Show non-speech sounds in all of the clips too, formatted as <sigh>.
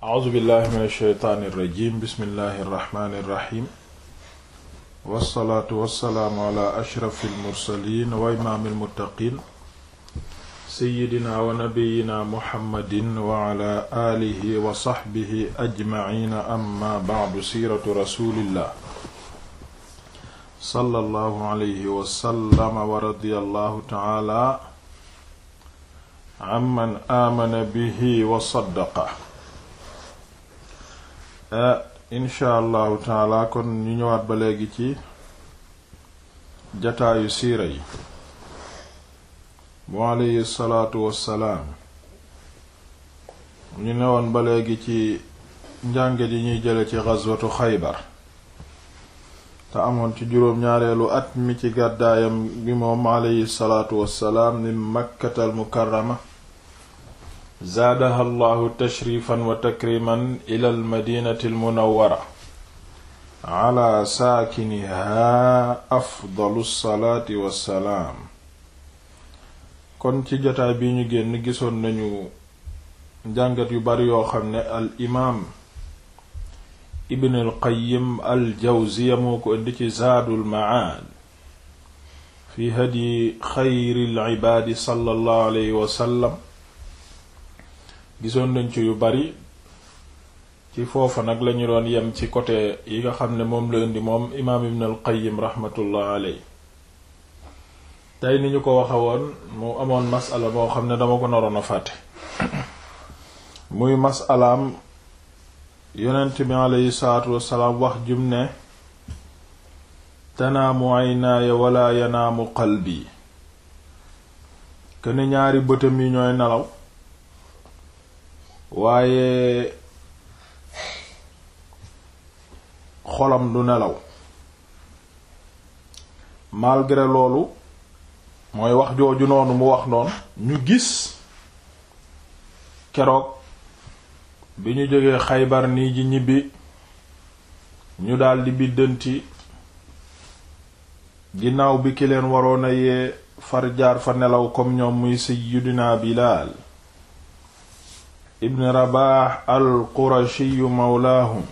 a'uuzu billahi min alsheytaani irrajim bismillahi irrahmani irrahim wassalaatu wassalaamu ala ashrafi almursalin wa imaami almuttaqin seyidina wa nabiyina muhammadin wa ala alihi wa saxbihi ajmaciina amma bacdu siiratu rasulillah sallallahu alayhi wa sallam wa radiyallahu taala amman aamana bihi wa saddaqa Eh, incha allahu taala kon ñu ñëwaat ba léegi ci jataayu siira yi bu aleyhi salaatu wassalaam ñu newoon ba léegi ci njànge ji ñuy jële ci ghazwatu xaybar te amoon ci juróom-ñaareelu at mi ci gàddaayam gi moom aleyhi salaatu wassalaam ni makkatal mukarrama zaadaha allahu tashrifan wa takriman ila almadinati almunawwara ala saakiniha afdalu salaati wassalaam kon ci jotaay bi ñu génn gisoon nañu njàngat yu bari yoo xam ne ibn al qayyim al ko indi ci zaadul ma'aad fi hadyi xayril ibaadi sallallahu alayhi wa gisoon nañ ci yu bari ci foofa nag lañu doon yem ci côté yi nga xam ne moom la indi moom imaam ibn al qayyim rahmatullah aley tey ni ñu ko waxewoon woon mu amoon masala boo xam ne dama ko naroon a fàtte muy masalaam yonent bi aleyhi salaatu wassalaam wax jum ne tanaamu aynaaya wala yanaamu qalbi kën ñaari bëtam yi ñooy nelaw waaye xolam du nelaw malgré loolu mooy wax jooju noonu mu wax noonu ñu gis keroog bi ñu jógee xaybar ni ji ñibbi ñu daldi biddanti ginnaaw bi ki leen waroon a yee far jaar fa nelaw comme ñoom muy sayyidina Bilaal ibn Rabah al-Qurashiyu mawlaahum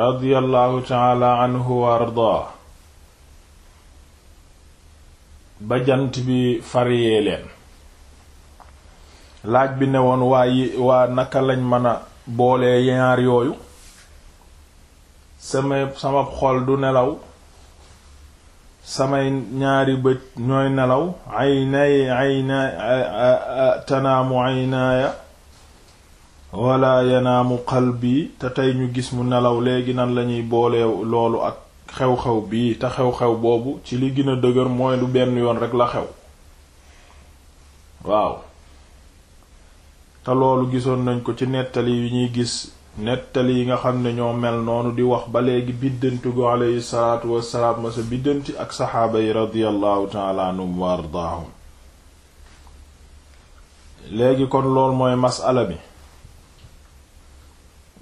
radiyallahu taala anhu wa ardaa ba jant bi fariyee leen laaj bi ne woon waa yi waa naka lañ mën a boolee ñaar yooyu sama sama xol du nelaw samay ñaari bët ñooy nelaw aynay ayna tanaamu aynaaya wala yanaamu bi te tey ñu gis mu nelaw léegi nan lañuy boole loolu ak xew-xew bii te xew-xew boobu ci li gën a dëgër mooy lu benn yoon rek la xew waaw te loolu gisoon nañ ko ci nettali yu ñuy gis nettali yi nga xam ne ñoo mel noonu di wax ba léegi biddanti gu aleyhi salaatu wassalaam ma sa biddanti ak saxaaba yi radiyallahu taala anhum ardaahum léegi kon lool mooy masala bi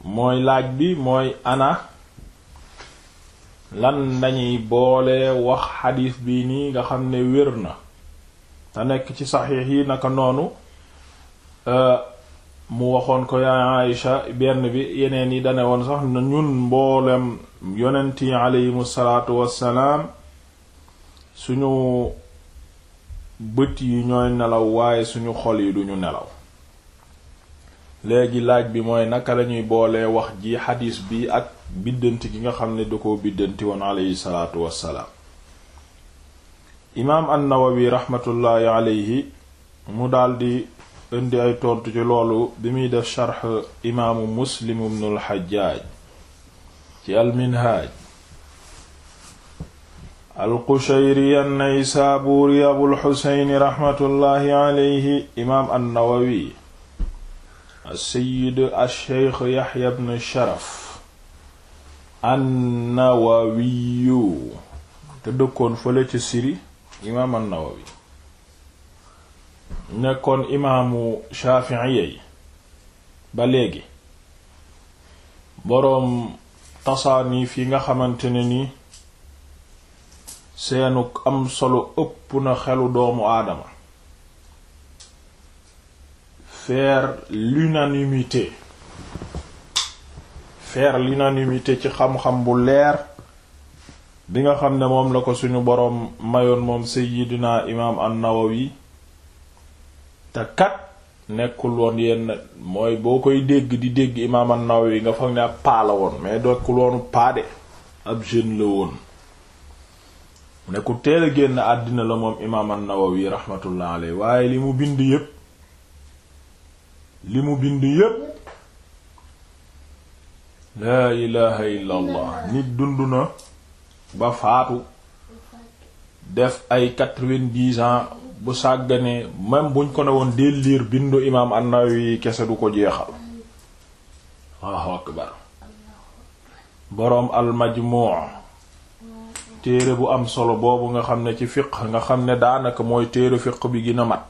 mooy laaj bi mooy ana lan nañuy boole wax xadiis bi nii nga xam ne wér na te nekk ci saxiix yi naka noonu euh, mu waxoon ko yaa Aïcha benn bi yeneen yi dane woon sax na ñun mboolem yonent yi aleyhimu salaatu wassalaam suñu bët yi ñooy nelaw waaye suñu xol yi duñu nelaw léegi laaj bi mooy naka lañuy boole wax ji xadiis bi ak biddant gi nga xam ne du ko biddanti woon aleyhi salaatu wassalaam imaam an-Nawawi raxmatullaahi aleyhi mu daldi indi ay tontu ci loolu bi def sharx imaamu muslim ibnul xajjaaj ci alminhaaj alqushayri an-naysaabuuri abul xuseyni raxmatullaahi aleyhi imaam annawawi as-sayyid ash-shaykh yaxya ibn sharaf annawawiyu te dëkkoon fële ci siri imaam annawawi nekkoon imaamu Shaafi'i ba léegi boroom tasaanif yi nga xamante ne ni seenu am solo ëpp na xelu doomu aadama faire l'unanimité faire l'unanimité ci xam-xam bu leer bi nga xam ne moom la ko sunu boroom mayoon moom dina imaam an-Nawawi te kat nekkul woon yenn mooy boo koy dégg di dégg imaam an-Nawawi nga foog ne ab paa woon mais dokkul woonu paa ab jeune la woon ne ku teel a génn àddina la moom imaam an-Nawawi rahmatullah waaye li mu bind yépp li mu bind yépp laa ilaha illa nit dund na ba faatu def ay quatre-vingt-dix ans bu sàgganee même buñ ko ne woon dee liir bindu imaam an kese du ko jeexal boroom al téere bu am solo boobu nga xam ne ci fiq nga xam ne daanaka mooy téere fiq bi gën a mat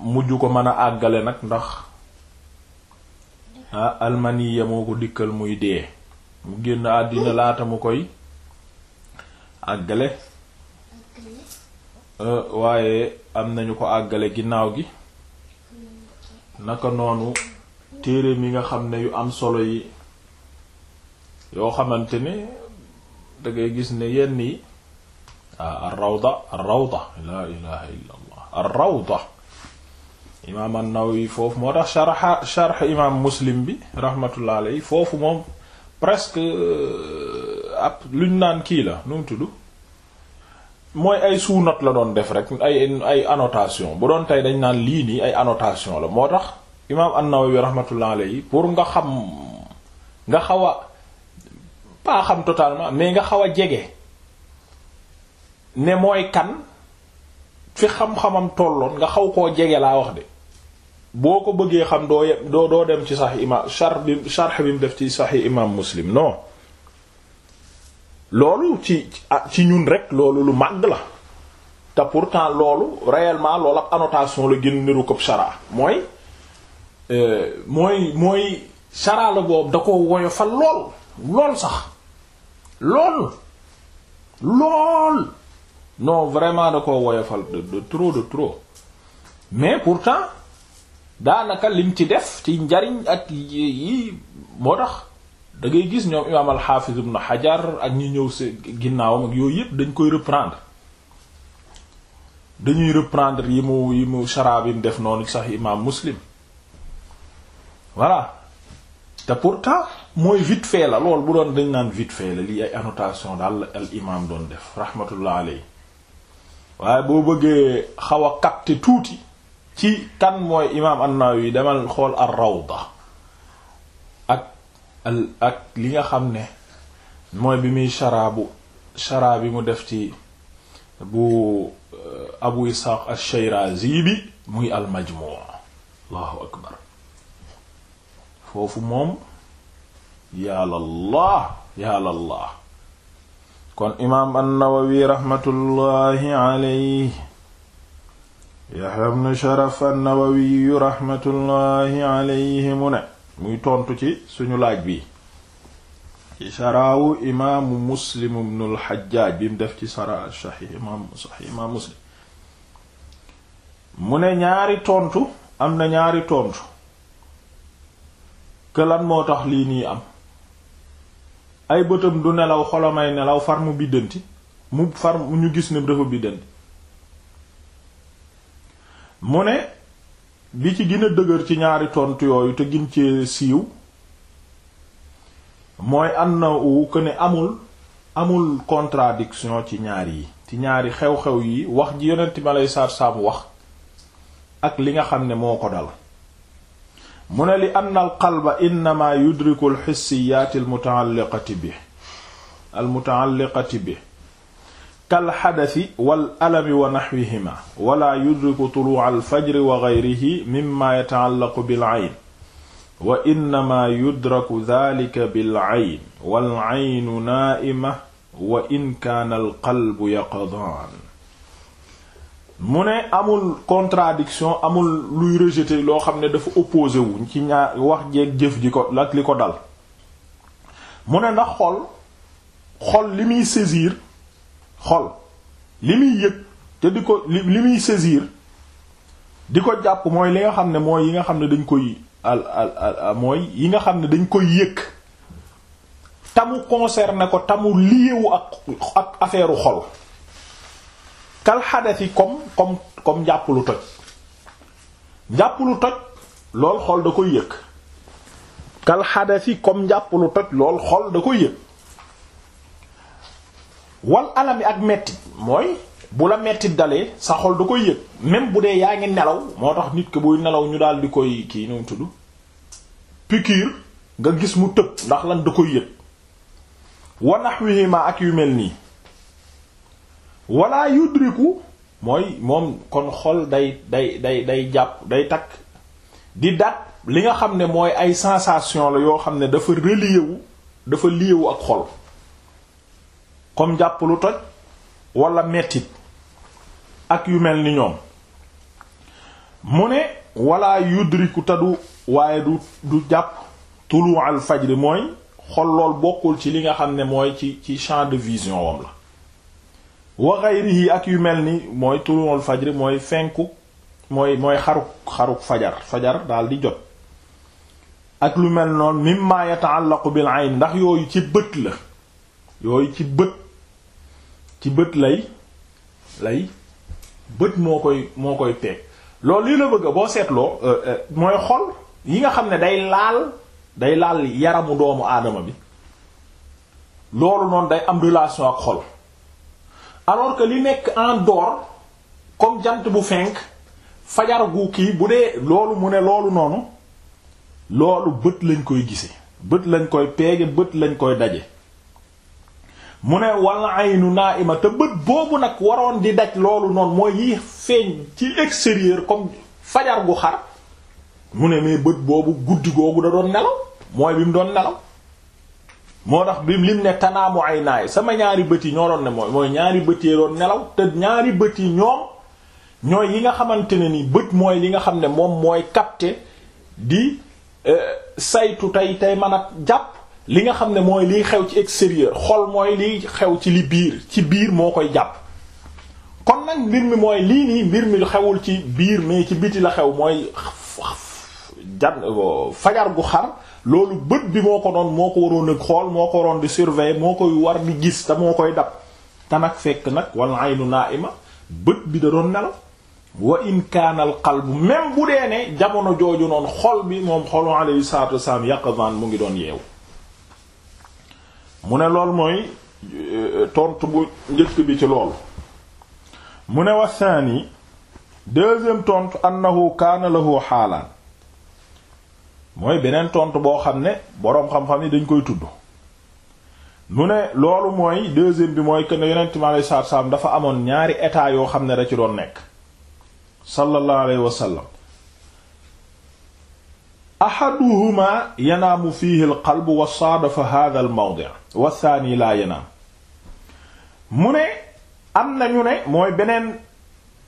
mujj ko mën a àggale nag ndax ah almaniya moo ko dikkal muy dee mu génn àddina laata mu koy àggale Euh, waaye am nañu ko àggale ginnaaw gi naka noonu téere mi nga xam ne yu am solo yi yoo xamante ne da gis ne yenn yi ah ar-rawda ar-rawda laa ilaha illa allah rawda imaam an-Nawawi foofu moo tax sharh sharh imaam Muslim bi rahmatullah alayhi foofu moom presque euh, ab luñ naan kii la nu mu tudd mooy ay sous-note la doon def rek ay ay annotation bu doon tey dañ naan lii nii ay annotation la moo tax imaam an-Nawawi rahmatullah alayhi pour nga xam nga xaw a pas xam totalement mais nga xaw a jege ne mooy kan fi xam-xamam tolloon nga xaw koo jege laa wax de boo ko bëggee xam doo doo doo dem ci sax imaam sharh bi sharh bi mu def ci sax imaam Muslim non loolu ci ah, ci ñun rek loolu lu màgg la te pourtant loolu réellement loolu ab annotation la gën niru ko chara mooy euh, mooy mooy chara la boobu da ko woyofal lool lool sax lool lool non vraiment da ko woyofal de de trop de trop mais pourtant daanaka lim ci def ci njariñ ak yi moo tax da ngay gis ñoom imaam al-Hafiz ibn ak ñu ñëw si ginnaawam ak yooyu yëpp dañ koy reprendre dañuy reprendre yi mu yi mu sharaab def noonu sax imaam Muslim voilà te pourtant mooy vite fait la lool bu doon dañ naan vite fait la lii ay annotation daal al imaam doon def rahmatullah aleyhi waaye boo bëggee xaw a capter tuuti ci kan mooy imaam an-Nawawi demal xool ar-Rawda al ak li nga xam ne mooy bi muy sharaabu sharaa bi mu def ci bu uh, abu isxaaq ash-shayrazi bi muy al majmu' allahu akbar foofu moom yàllallah yàllallah kon imaam an-nawawi raxmatullahi alayhi yaxya ibn sharaf an-nawawi raxmatullahi alayhi mu ne muy tontu ci suñu laaj bi ci saraawu imaamu muslim ibnul xajjaaj bi mu def ci saraa saxiix imaam saxiix imaam muslim mu ne ñaari tontu am na ñaari tontu këlan moo tax lii nii am ay bëtam du nelaw xolomay nelaw far mu biddanti mu far mu ñu gis ni dafa biddanti mu ne bi ci gën dëgër ci ñaari tontu yooyu te gin ci siiw mooy annahu que ne amul amul contradiction ci ñaar yi ci ñaari xew-xew yi wax ji yonent bi aleyhi salaatu salaam wax ak li nga xam ne moo ko dal mu ne li anna al qalba innama yudriku al hissiyaat al muta'alliqati bi al muta'alliqati bi kal xadasi wal alami wa naxwihima wala yudriku tuluu alfajri wa geyrihi mimma yataallaqu bil ayn wa innama yudraku dalika bil ayn wal aynu naaima wa in amul luy rejeter loo xam ne dafa opposé wu ci ñaar wax jeeg jëf ko ak li ko dal mu ne xol li muy saisir xol li muy yëg te di ko li muy saisir di ko jàpp mooy li nga xam ne mooy yi nga xam ne dañ koy al al mooy yi nga xam ne dañ koy yëg tamu concerné ko tamu liyewu ak ak affaire xol kal xadasi comme comme comme njàpp lu toj njàpp lu toj lool xol da koy yëg kal xadasi comme njàpp lu toj lool xol da koy yëg wal alami ak mettit mooy bu la mettit dalee sa xol du koy yëg même bu dee yaa ngi nelaw moo tax nit ki buy nelaw ñu daal di koy kii nu tudd pikiir nga gis mu tëb ndax lan du koy yëg wa nahwihima ak yu mel nii yu yudriku mooy moom kon xol day day day day jàpp day takk di dat li nga xam ne mooy ay sensation la yoo xam ne dafa relier wu dafa lié ak xol comme jàpp lu toj wala mettit ak yu mel ni ñoom mu ne wala yudriku tadu waaye du du jàpp tulu al fajri mooy xol lool bokkul ci li nga xam ne mooy ci ci de vision wam la wa ghayrihi ak yu mel ni mooy tulu al fajri mooy fenku mooy xaruk xaruk fajar fajar daal di jot ak lu mel noonu mimma yata'allaqu bil ayn ndax yooyu ci bët la yooyu ci bët ci bët lay lay bët moo koy moo koy teeg loolu lii la bëgg boo seetloo euh, euh, mooy xol yi nga xam ne day laal day laal yaramu doomu aadama bi loolu noonu day am relation ak xol alors que li nekk en dehors comme jant bu fenk fajar gu kii bu dee loolu mu ne loolu noonu loolu bët lañ koy gise bët lañ koy peege bët lañ koy daje mu ne wal aynu naa'ima te bët boobu nag waroon di daj loolu noonu mooy yi feeñ ci extérieur comme fajar gu xar mu ne mais bët boobu guddi googu da doon nelaw mooy bi mu doon nelaw moo tax bi lim ne tanaamu ay naay sama ñaari bët yi ñoo doon ne mooy ñaari bët yi doon nelaw te ñaari bët yi ñoom ñooy yi nga xamante ne ni bët mooy li nga xam ne moom mooy capter di euh, saytu tey tey mën a jàpp li nga xam ne mooy liy xew ci extérieur xol mooy liy xew ci li biir ci biir moo koy jàpp kon nag mbir mi mooy lii nii mbir mi xewul ci biir mais ci biti la xew mooy jan fajar gu xam loolu bët bi moo ko doon moo ko waroon a xool moo ko di surveiller moo koy war di gis te moo koy dab te nag fekk nag wal aynu naa'ima bët bi da doon nelaw wa in kaana al qalbu bu dee ne jamono jooju noonu xol bi moom xolu alayhi salaatu wasalaam yaqzan mu ngi doon yeewu mu ne loolu mooy euh, tontu bu njëkk bi ci loolu mu ne wa saani deuxième tontu annahu kaana lahu xaalaan mooy beneen tontu boo xam ne boroom xam-xam ni dañ koy tudd mu ne loolu mooy deuxième bi mooy que ne yonent mi alayhi dafa amoon ñaari état yoo xam ne da ci doon nekk sallallahu alayhi ahaduhuma yanaamu fiihi alqalbu wa saadafa hadha almawdi wa thani la yanaam mu ne am nañu ne mooy beneen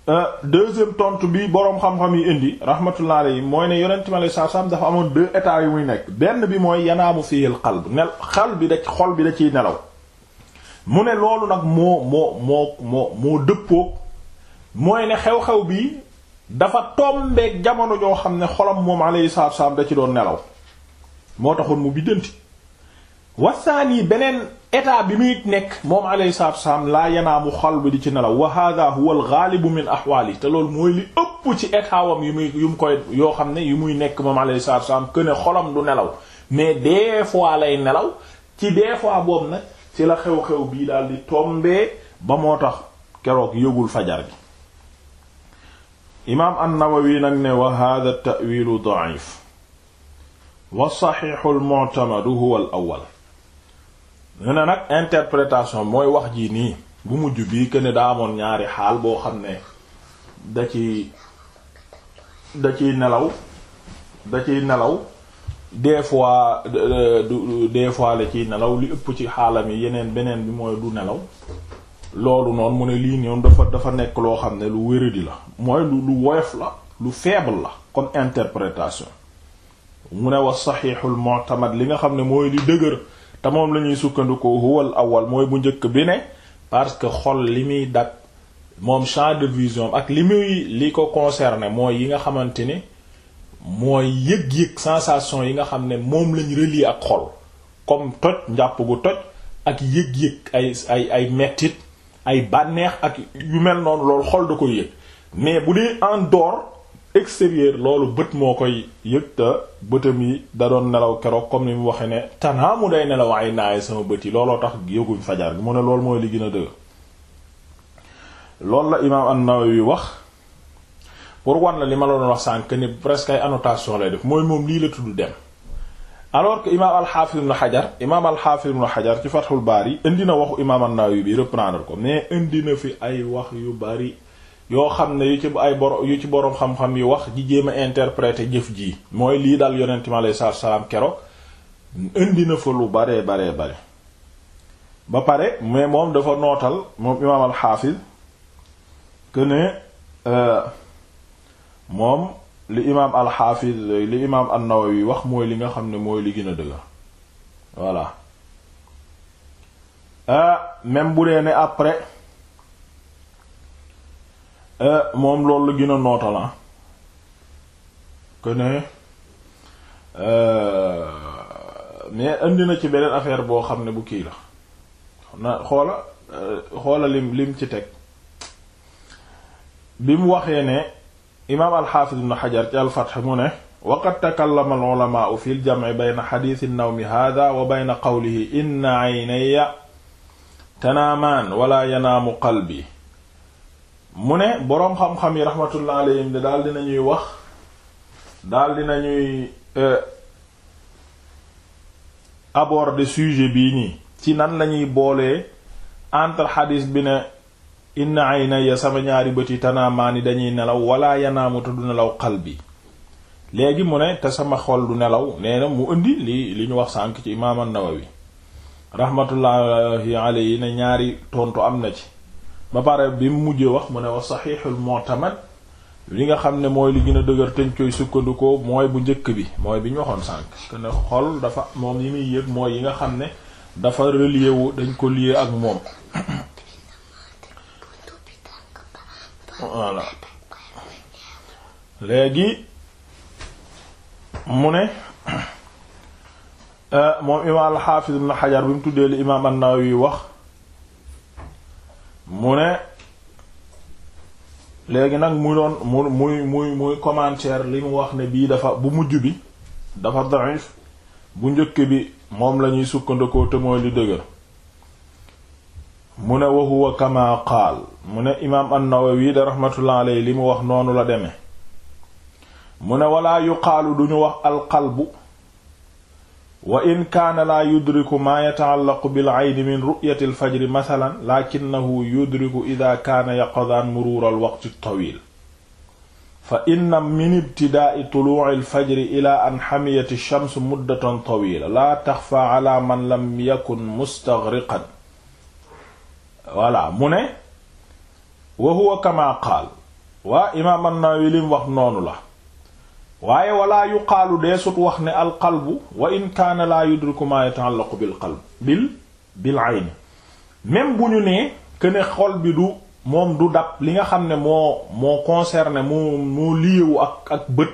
euh, deuxième tontu bi boroom xam-xam yi indi rahmatullah alayhi mooy ne yonent mi alayhi salaam dafa amoon deux états yu muy nekk benn bi mooy yanaamu fiihi alqalb nel xal bi da xol bi da ciy nelaw mu ne loolu nag moo moo moo moo moo dëppoog mooy ne xew-xew bi dafa tombeeg jamono joo xam ne xolam moom alayhi salaatu wassalaam da ci doon nelaw moo taxoon mu biddanti wasaani beneen état bi muy nekk moom alayhi salaatu wassalaam laa yanaamu xal bi di ci nelaw wa hadha huwa al-ghaalibu min ahwaali te loolu mooy li ëpp ci état wam muy yu mu koy yoo xam ne yu muy nekk moom alayhi salaatu wassalaam que xolam du nelaw mais des fois lay nelaw ci des fois boobu ci la xew-xew bii daal di tombee ba moo tax keroog yëgul fajar gi imaam an-Nawawi nag ne wa hada tawilu da'if wa saxiixu mutamadu huwa awwal ne na interpretation mooy wax ji nii bu mujj bii que ne daa amoon ñaari xaal boo xam ne da ci da ciy nelaw da ciy nelaw des fois euh, des fois la ciy nelaw li ëpp ci xaalam yi yeneen beneen bi mooy du nelaw loolu noonu mu ne lii ñoom dafa dafa nekk loo xam ne lu wéradi la mooy lu lu woyof la lu faible la kon interprétation mu ne wax saxiixul mu'tamad li nga xam ne mooy li dëgër te moom la ñuy sukkandikoo awal mooy bu njëkk bi ne parce que xol li muy dak moom champ de vision ak li muy li ko concerné mooy yi nga xamante ni mooy yëg-yëg sensation yi nga xam ne moom lañ relier ak xol comme toj njàpp gu toj ak yëg-yëg ay ay ay mettit ay bànneex ak yu mel noonu loolu xol da koy yëg mais bu dee en dehors extérieur loolu bët moo koy yëg te bëtam yi da doon nelaw keroog comme ni mu waxee ne tanaa mu day nelaw ay naay sama bët yi looloo tax yëguñ fajar gi mu ne loolu mooy li gën a dëgër loolu la imaam an-Nawawi wax pour wan la li ma la doon wax sànq ni presque ay annotation lay def mooy moom lii la tudd dem alors que imaam al-Hafiz ibn Hajar imaam al-Hafiz ibn Hajar ci Fathul Bari indi na waxu imaam an-Nawawi bi reprendre ko mais indi na fi ay wax yu bari yoo xam ne yu ci ay boro yu ci boroom xam-xam yi wax ji jéem a interpréter jëf ji mooy lii dal yonent mi alayhi salaatu salaam keroog indi na fa lu baree baree bare ba pare mais moom dafa nootal moom imaam al-Hafiz que ne euh, moom. li imaam alxaafiz li imaam an-Nawawi wax mooy li nga xam ne mooy li gën a dëgg voilà ah, même bu dee ne après ah, moom loolu la gën a nootalan ah. que ne mais indi na ci beneen affaire boo xam ne bu kii la na xoola xoola lim lim ci teg bi mu waxee ne imaam alxaafis ibn xajar ci alfatx mu ne waqad takallama alulamaau fi ljamci bayna xadiisi nawmi hada wa bayna qawlihi inna aynaya tanaamaan wala yanaamu qalbi mu ne boroom xam-xam yi rahmatullah alayhim de daal dinañuy wax daal dinañuy euh, aborder sujet bii nii ci nan lañuy boolee entre xadiis bi ne inna aynaya sama ñaari bët yi tanaamaani dañuy nelaw wala yanaamu te du nelaw bi léegi mu ne te sama xol du nelaw nee na mu indi li li ñu wax sànk ci imaam an-Nawawi rahmatullahi yi ne ñaari tontu am na ci ba pare bi mu mujjee wax mu ne wa saxiixul tamat li nga xam ne mooy li gën a dëgër teñ koy sukkandikoo mooy bu njëkk bi mooy bi ñu waxoon sànk te ne xol dafa moom yi muy yëg mooy yi nga xam ne dafa relier wu dañ ko lier ak moom voilà léegi mu ne euh, moom imaam alxaafiz ibn xajar bi mu tuddee li imaam an-Nawawi wax mu ne léegi nag mu doon mu muy muy muy commentaire li mu wax ne bii dafa bu mujj bi dafa da'if bu njëkk bi moom lañuy sukkandikoo te mooy li dëgër mu ne wa huwa kama qaal mu ne imaam an-Nawawi da raxmatullah alayhi li mu wax noonu la deme mu ne walaa yuqaalu duñu wax alqalbu wa in kaana laa yudriku maa yataallaqu bil ayni min ru'yati alfajri masalan lakinnahu yudriku ida kaana yaqdaan muruura alwaqti at-tawiil fa inna min ibtidaa'i tuluu'i alfajri ila an xamiyat ash-shams muddatan tawiila laa taxfaa ala man lam yakun mustaghriqan voilà mu ne wa huwa kama qaal waa imaam an lim wax noonu la waaye walaa yuqaalu deesut wax ne alqalbu wa in kaana laa yudriku ma yata'allaqu bil qalb bil bil ayni même bu ñu nee que xool bi du moom du dab li nga xam ne moo moo concerné moo moo liyewu ak ak bët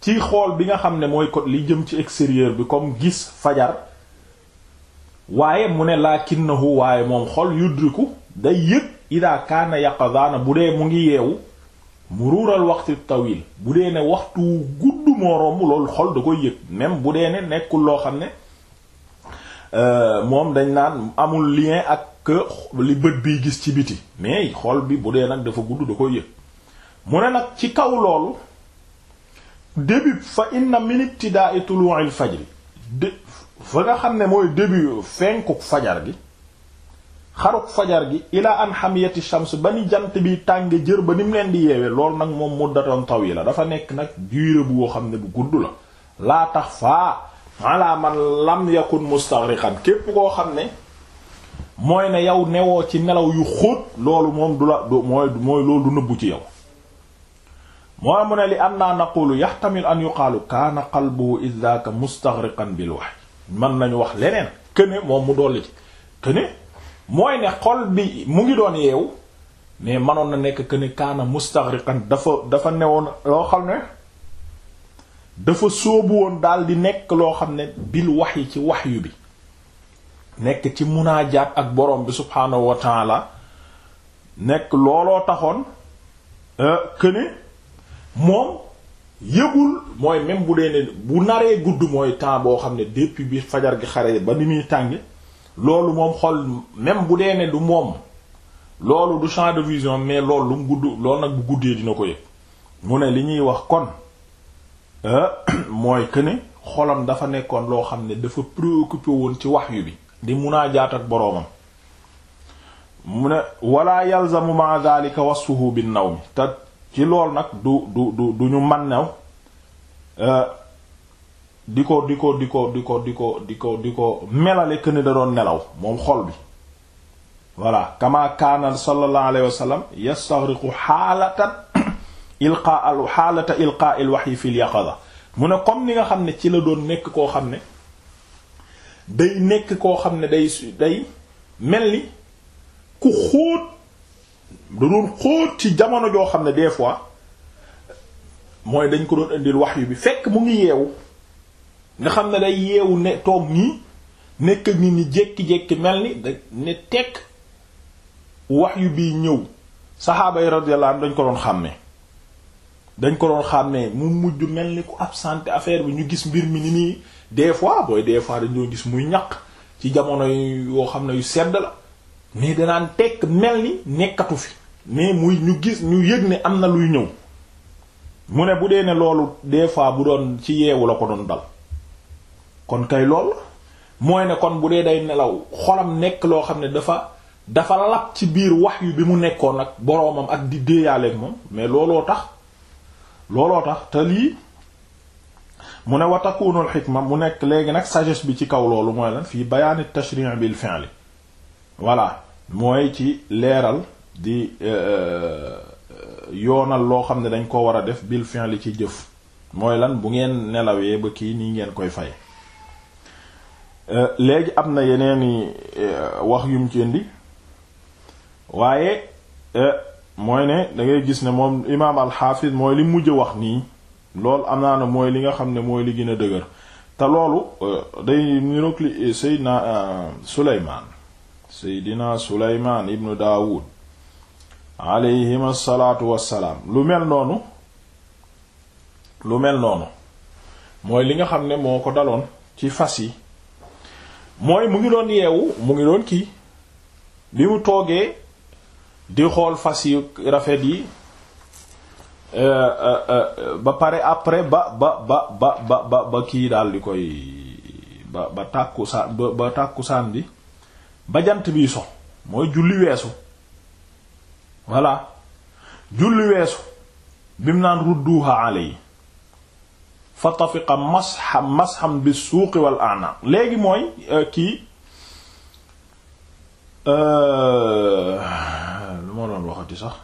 ci xool bi nga xam ne mooy ko li jëm ci extérieur bi comme gis fajar waaye mu ne laa lakinnahu waaye moom xol yudriku day yëg ida kaana yaqadaana bu dee mu ngi yeewu muruural waxtu tawil bu dee ne waxtu gudd moo romb loolu xol da koy yëg même bu dee ne nekkul loo xam ne euh, moom dañ naan amul lien ak li bët biy gis ci biti mais xol bi bu dee nag dafa gudd da koy yëg mu ne nag ci kaw loolu début fa inna min ibtida'i tulu'il fajr fa nga xam ne mooy début fenkuk fajar gi xaruk fajar gi ila an hamiyati shams ba ni jant bi tàng jër ba ni leen di yeewee lool nag moom muddatan tawila dafa nekk nag durée bu woo xam ne bu gudd la laa tax faa ala man lam yakun mustaghriqan képp koo xam ne mooy ne yow newoo ci nelaw yu xóot loolu moom du la du mooy mooy loolu du nëbbu ci yow moo mu ne li am naa naqulu yaxtamil an yuqaalu kaana qalbu idaka mustaghriqan bil wahyi man nañu wax leneen que ne moom mu dolli ci que ne mooy ne xol bi mu ngi doon yeewu mais manoon na nekk que ne kaana mustaghriqan dafa dafa newoon loo xam ne dafa sóobu woon di nekk loo xam ne bil yi ci wahyu bi nekk ci munaajaat ak borom bi subhaanahu wa taala nekk looloo taxoon euh, que ne moom. yëgul mooy même bu dee ne bu naree gudd mooy temps boo xam ne depuis bi fajar gi xare ba ni muy tànge loolu moom xol même bu dee ne du moom loolu du champ de vision mais lool lu mu gudd lool nag bu guddee dina ko yëg mu ne li ñuy wax kon euh, <clears throat> mooy que ne xolam dafa nekkoon loo xam ne dafa préoccupé woon ci wax wahyu bi di mun munaajaat ak boroomam mu ne wala yalzamu ma dhalika wasfuhu bin nawm ci lool nag du du du du ñu man new euh, di ko di ko di ko di ko di ko di ko di ko melale que ne da doon nelaw moom xol bi voilà kama kaana sallallahu alayhi wa sallam yastaghriqu xaalatan <coughs> ilqa al xaalata ilqa al wahyi fil mu ne comme ni nga xam ne ci la doon nekk koo xam ne day nekk koo xam ne day day mel ni ku xóot da doon xóot ci jamono joo xam ne des fois mooy dañ ko doon indil wax yu bi fekk mu ngi yeewu nga xam ne day yeewu ne toog nii nekk nit ñi jékki-jékki mel ni da ne tekk wahyu bi ñëw saxaaba yi radiyallahu anhum dañ ko doon xàmmee dañ ko doon xàmmee mu mujj mel ni ku absenté affaire bi ñu gis mbir mi ni nii des fois booy des fois dañ doon gis muy ñaq ci jamono yoo xam ne yu sedd la mais danaan tekk mel ni nekkatu fi mais muy ñu gis ñu yëg ne am na luy ñëw mu ne bu dee ne loolu des fois bu doon ci yeewu la ko doon dal kon kay lool mooy ne kon bu dee day nelaw xolam nekk loo xam ne dafa dafa lab ci biir wax yu bi mu nekkoon ak boroomam ak di déeyaaleeg moom mais looloo tax looloo tax te lii mu ne wa takunul xikma mu nekk léegi nag sagesse bi ci kaw loolu mooy lan fii bayaani tashri' bil fi'li voilà mooy ci leeral di euh, euh, yoonal loo xam ne dañ ko war a def bill fi'l li ci jëf mooy lan bu ngeen nelawee ba kii nii ngeen koy fay euh, léegi am na yeneeni wax yum ci indi waaye mooy ne da gis ne moom imaam alxaafis mooy li mujj wax nii loolu am naa ne mooy li nga xam ne mooy li gën a dëgër te loolu day niroog li Seydina Suleymaan seydina suleymaan ibnu daawud aleyhim asalaatu wassalaam lu mel noonu lu mel noonu mooy li nga xam ne moo ko daloon ci fas yi mooy mu ngi doon yeewu mu ngi doon kii bi mu toogee di xool fas yu rafet yi eh, eh, eh, ba pare après ba ba ba ba ba ba kii daal di koy ba ba tàkku saan ba tàkku saan bi ba jant biy mooy julli weesu voilà julli weesu bim naan rudduha alayhi fa tafiqa masxam masxam bi suuqi wa anaq léegi mooy euh, kii euh, lu ma doon waxati sax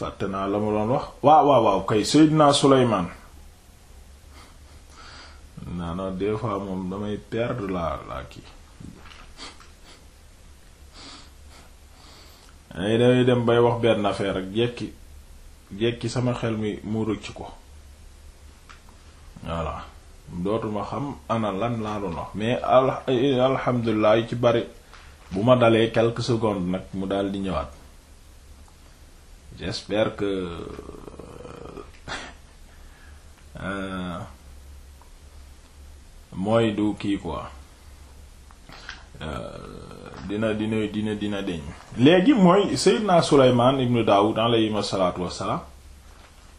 fàtte naa la ma doon wax waaw waaw waaw kay Seydina Sulaymaan naa non des moom damay perdre la la kii damay dem bay wax benn affaire rek jekki jekki sama xel mi mu rëcc ko voilà dootuma xam ana lan laa doon wax mais alhamdulilah yu ci bari bu ma dalee quelques secondes nag mu dal di ñëwaat j'espère que euh, mooy du kii quoi euh, dina dina dina dina deñ léegi mooy Seydina Sulaymaan ibnu Daawud alayhi salaatu wassalaam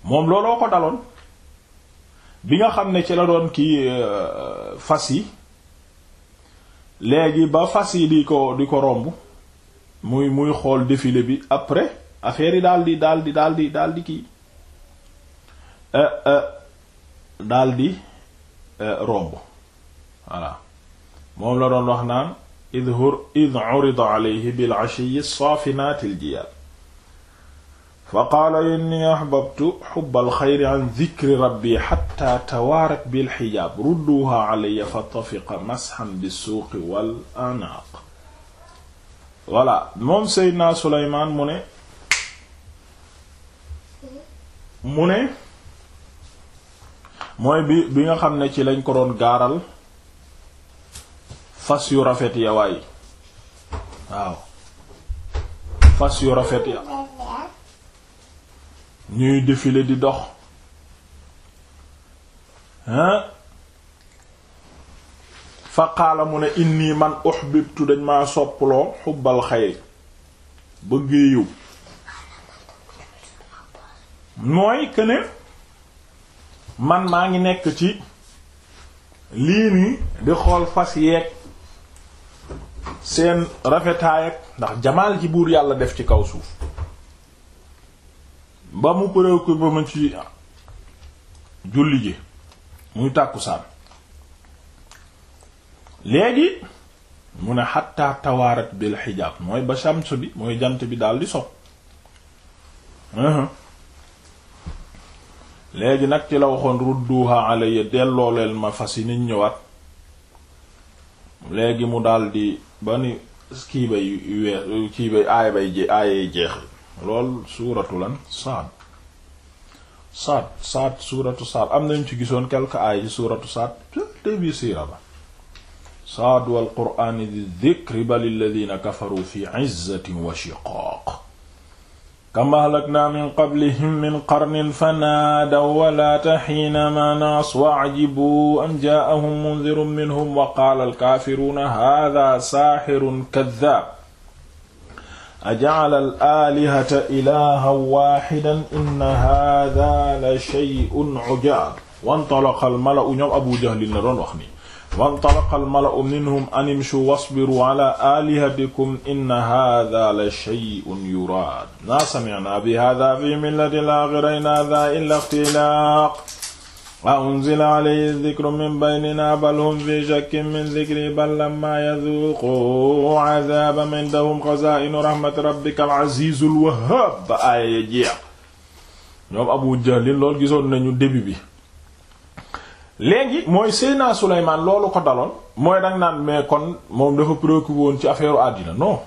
moom looloo ko daloon bi nga xam ne ci la doon kii euh, fas yi léegi ba fas yi di ko di ko romb muy muy xool défilé bi après affaire yi daal di daal di daal di daal di kii eh, eh, daal di eh, romb voilà moom la doon wax naan id id urida alayhi bil ashiyi saafinaati l jiyaal fa qaala inni ahbabtu xubba alxayri an dikri rabbi xatta tawaarat bilxijaab rudduha alayya fa tafiqa masxan bissuuqi wal anaaq voilà moom seydna suleymaan mu ne mu ne mooy bi bi nga xam ne ci lañ ko doon gaaral fas yu rafet ya waay waaw fas yu rafet ya ñuy défilé di dox hein fa qaala mu ne inni man uxbibtu dañ ma soppaloo xubbal xayri bëggee yiw mooy que man maa ngi nekk ci lii nii di xool fas yeeg seen rafetaay ak ndax jamaal ci buur yàlla def ci kaw suuf ba mu préoccupé ma ci julli ji muy tàkkusaan léegi mu ne xatta tawaarat bil xijaab mooy ba shams bi mooy jant bi daal di so léegi nag ci la waxoon rudduha delloo dellooleel ma fas yi niñ ñëwaat léegi mu daldi ba ni kii bay weer kii bay aaya bay je aayay jeex lool suuratu lan saad saad saad suuratu saad am nañ ci gisoon quelque aaya ci suuratu saad début siira ba saad wal qur'aani di dhikri bal alladhina kafaru fi izzatin wa shiqaaq kama ahlakna min qablihim min qarnin fanaadaw walaata xiina maanaas wa ajibu an jaa'ahum mundirun minhum wa qaala alkaafiruuna haadaa saaxirun kaddaab ajacala alaalihata ilaahan waaxidan inna haadaa la shay'un cujaab wantalaqa almala'u ñoom Abu Jahlin la doon wax nii wantalaqa almalau minhum animshu wasbiru ala alihatikum inna hada la sheyun yuraad maa samicnaa bi hada fi millati laaxira in hada illa ixtilaaq a unzila alayhi dikru min baynina bal hum fi shakkin min dikri bal lammaa yazuuqu cadaaban indahum xazaa'inu raxmati rabbika alaziizu alwahaab aaya ya jeex ñoom Abu Jahl lool gisoon nañu début bi léegi mooy Seyna Souleymane loolu ko daloon mooy dang naan mais kon moom dafa préoccupé woon ci affaire àddina noo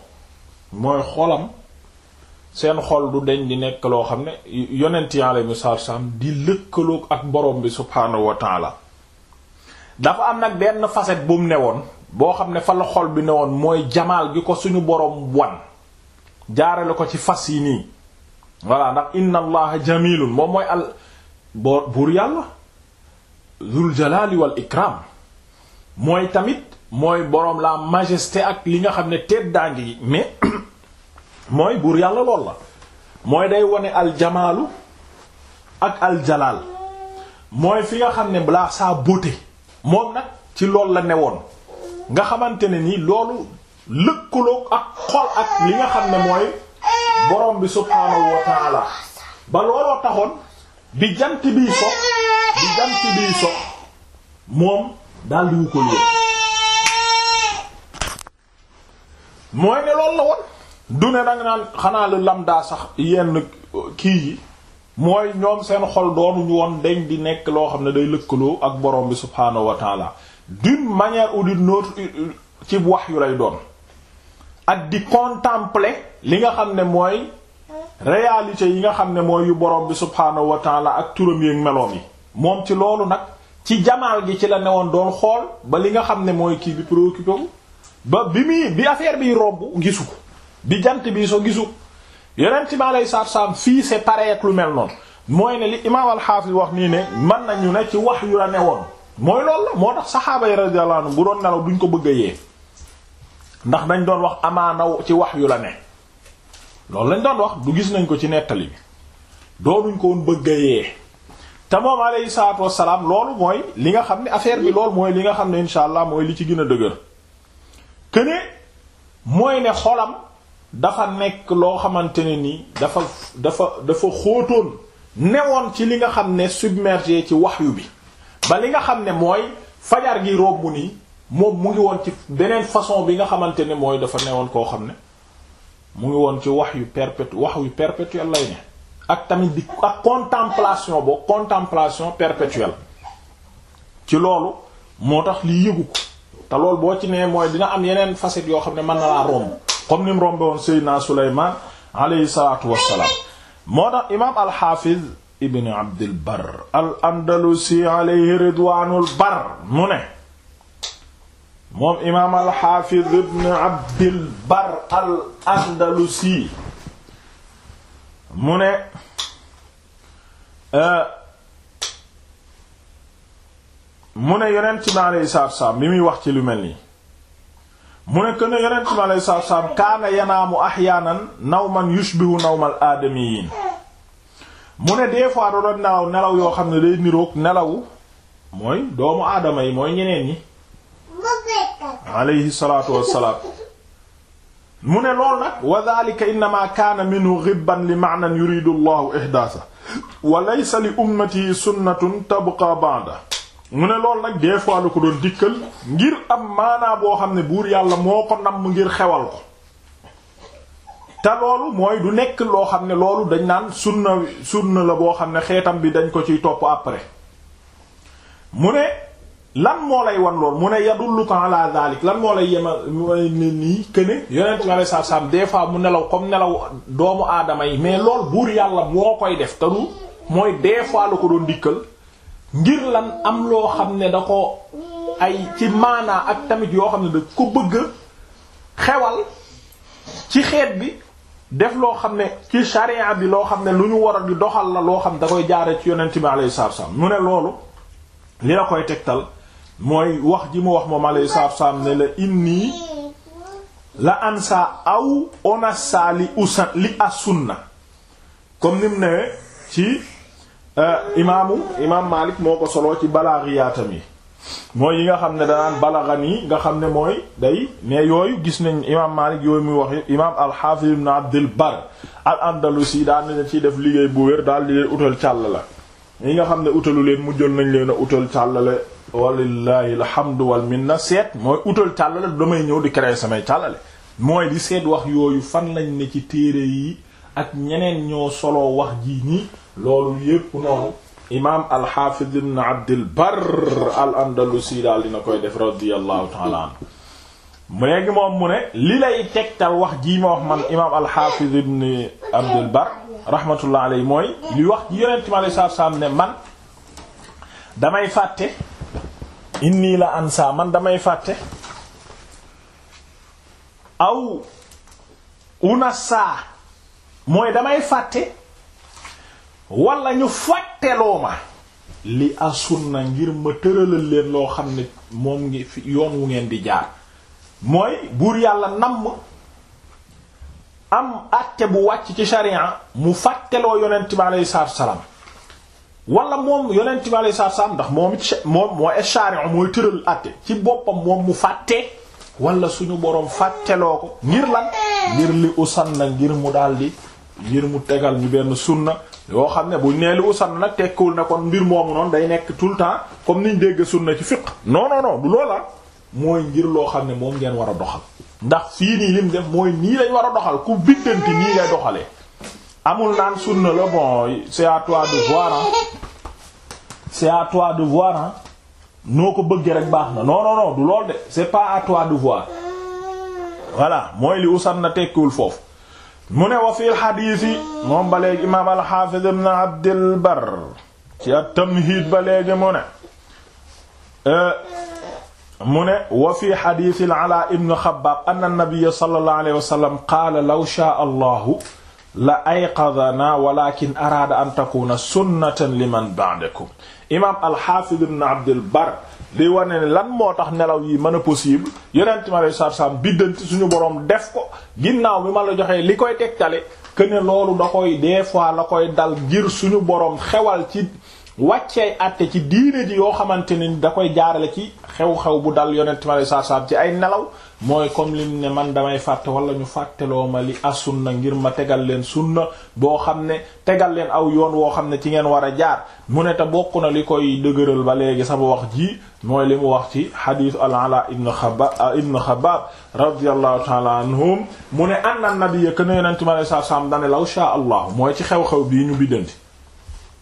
mooy xolam seen xol du deñ di nekk loo xam ne yonent yàlla mu sarsam di lëkkaloo ak borom bi subhaanahu wa dafa am nag benn faset bu ne woon boo xam ne fa la xol bi ne woon mooy jamaal gi ko suñu borom wan jaarale ko ci fas yi nii voilà ndax inna allaha moom mooy al buur yàlla zul jalali wal mooy tamit mooy boroom la majesté ak li nga xam ne teddaange yi mais <coughs> mooy buur yàlla lool la mooy day wone aljamaalu ak aljalaal mooy fi nga xam ne balaa sa beauté moom nag ci lool la ne woon nga xamante ne nii loolu lëkkaloo ak xol ak li nga xam ne mooy boroom bi subhaanahu wa taala ba looloo taxoon bi jant bii so bi jant bii so moom daal di wu ko yéen mooy ne la woon du ne naan xanaa la lamda sax yenn kii yi mooy ñoom seen xol doonuñu woon dañ di nekk loo xam ne day lëkkaloo ak borom bi subhaanahu wa taala d'une manière ou d'une ci wax yu lay doon ak di contempler li nga xam ne mooy. réalité yi nga xam ne mooy yu borom bi subhaanahu wa taala ak turam yeeg meloom yi moom ci loolu nag ci jamaal gi ci la newoon doon xool ba li nga xam ne mooy kii bi préoccupé ba bi muy bi affaire biy robb gisu ko bi jant bi so gisu yeneen ma lay saab saab fii c'est pareil lu mel noon mooy ne li imaam al wax nii ne mën nañu ne ci wax yu la newoon mooy loolu la moo tax saxaaba yi radiyallahu bu doon nelaw duñ ko bëgg a yee ndax dañ doon wax amaanaw ci wax yu la ne. loolu lañ doon wax du gis nañ ko ci nettali bi doonuñ ko woon bëgg a yee te moom salaatu wassalaam loolu mooy li nga xam ne affaire bi loolu mooy li nga xam ne insha allah mooy li ci gën a dëgër këne mooy ne xolam dafa nekk loo xamante ne ni dafa dafa dafa xóotoon newoon ci li nga xam ne submergé ci waxyu bi ba li nga xam ne mooy fajar gi romb nii moom mu ngi woon ci beneen façon bi nga xamante ne mooy dafa newoon koo xam ne mu ngi woon ci wax yu perpétu wax yu perpétuel lay ne ak tamit di ak contemplation boo contemplation perpétuelle ci loolu moo tax lii yëgu ko te loolu boo ci nee mooy dina am yeneen facettes yoo xam ne mën na laa romb comme ni mu rombe woon Seydina Sulayman alayhi salaatu wassalaam moo tax imaam al-Hafiz ibn Abdul Barr al-Andalusi alayhi ridwaanul Barr mu ne moom imaam alxaafiz ibn abdil bar al andalusi mu ne euh, mu ne yonent bi alayhi salaatu wasalaam bi muy wax ci lu mel ni mu ne que ne yonent bi alayhi salaatu wasalaam kaana yanaamu ahyaanan nawman yushbihu nawmal aadamiyiin mu ne des fois da nelaw nelaw yoo xam ne day niroog nelawu mooy doomu aadama yi mooy ñeneen ñi alayhi salaatu wassalaam mu ne lool nag wa dhalika innama kaana minhu ghibban li ma'nan yuridu allahu ihdaasa wa laysa li ummati sunnatun tabqa ba'da mu ne lool nag des fois lu ko doon dikkal ngir am maanaa boo xam ne buur yàlla moo ko namm ngir xewal ko te loolu mooy du nekk loo xam ne loolu dañ naan sunna la boo xam ne xeetam bi dañ ko ciy topp après mu ne lan moo lay wan lool mu ne yadulluka ala dalik lan moo lay yema nii këne yonent ma lay saab saab des fois mu nelaw comme nelaw doomu aadama yi mais loolu buur yàlla moo koy def te mooy des fois la ko doon dikkal ngir lan am loo xam ne da ko ay ci maanaa ak tamit yoo xam ne da ko bëgg xewal ci xeet bi def loo xam ne ci sharia bi loo xam ne lu ñu war a di doxal la loo xam da koy jaare ci yonent bi alayhi salaatu wasallam mu ne loolu li la koy tegtal mooy wax ji mu wax moom alayhi salaatu salaam ne la inni la ansa aw onasa li usan li asunna comme ni mu newee ci euh, imaamu imaam Maalik moo ko solo ci balaaxiyaatam yi mooy yi nga xam ne danaan balaxan yi nga xam ne mooy day mais yooyu gis nañ imaam Maalik yooyu muy wax imaam al-Hafiz ibn Abdul Barr al-Andalusi daan nañ ciy def liggéey bu wér daal di leen utal càll la yi nga xam ne utalu leen mu jël nañ leen a utal càll la walillahi alhamdu wal minna seet mooy utal càllale damay ñëw di créer samay càllale mooy di seet wax yooyu fan lañ ne ci téere yi ak ñeneen ñoo solo wax ji nii loolu yépp noonu imaam alxaafiz ibn abdil bar al andalusi daal dina koy def radiallahu taala anhu mu léegi moom mu ne li lay tegtal wax ji ma wax man imaam alxaafiz ibn abdil bar rahmatullah mooy li wax ji yonent mi alei satu ne man damay fàtte inni la ansa man damay fàtte aw unasa mooy damay fàtte wala ñu fàtteloo ma li asunna ngir ma tëralal leen loo xam ne moom ngi fi yoon wu ngeen di jaar mooy buur yàlla namm am àtte bu wàcc ci sharia mu fàtteloo yonent bi aleyhi salaatu wala moom yonent bi alayhi salaatu salaam ndax moom it moom mooy shari'u mooy tëral àtte ci boppam moom mu fàtte wala suñu boroom fàtteloo ko ngir lan ngir li usanna ngir mu daldi ngir mu tegal ñu benn sunna yoo xam ne bu nee li usanna nag tekkiwul ne kon mbir moomu noonu day nekk tout le temps comme niñ dégg sunna ci fiqh non non du loola mooy ngir loo xam ne moom ngeen war a doxal ndax fii nii lim def mooy nii lañ war a doxal ku biddanti nii ngay doxalee amul naan sunna la bon c'est à toit de voir hein noo ko bëggee rek baax na non non non du lool de c'est pas à toi de voir voilà mooy li usan na tekkiwul foofu mu ne wa fi lxadiis yi moom ba léegi imaam ci at-tamhiid mu ne eh, mu ne wa fi xadiisil alaa ibn xabbaab anna nabiyya sallallahu alayhi wa sallam qaala law shaa allahu la ay ayqadana walakin araada an takuna sunnatan liman ba'dakum imaam alxaafid ibn abdul bar di wane ne lan moo tax nelaw yi mën a possible yonent ma lay sarsam biddanti suñu borom def ko ginnaaw bi ma la joxee li koy tegtale que ne loolu da koy des fois la koy dal ngir suñu borom xewal ci wàccee àtte ci diine ji yoo xamante ni da koy jaarale ci xew-xew bu dal yonent ma lay sarsam ci ay nelaw mooy comme lim ne man damay fàtte wala ñu fàtteloo ma li na ngir ma tegal leen sunna boo xam ne tegal leen aw yoon woo xam ne ci ngeen war a jaar mu ne te bokk na li koy dëgëral ba léegi sama wax ji mooy li mu wax ci xadiisu al-Alaa ibn Xabbaab ah, ibn Xabbaab radiyallahu taala anhum mu ne anna nabiyya kana yonente mi alei satu salaam dane law shaa allah mooy ci xew-xew bii ñu biddanti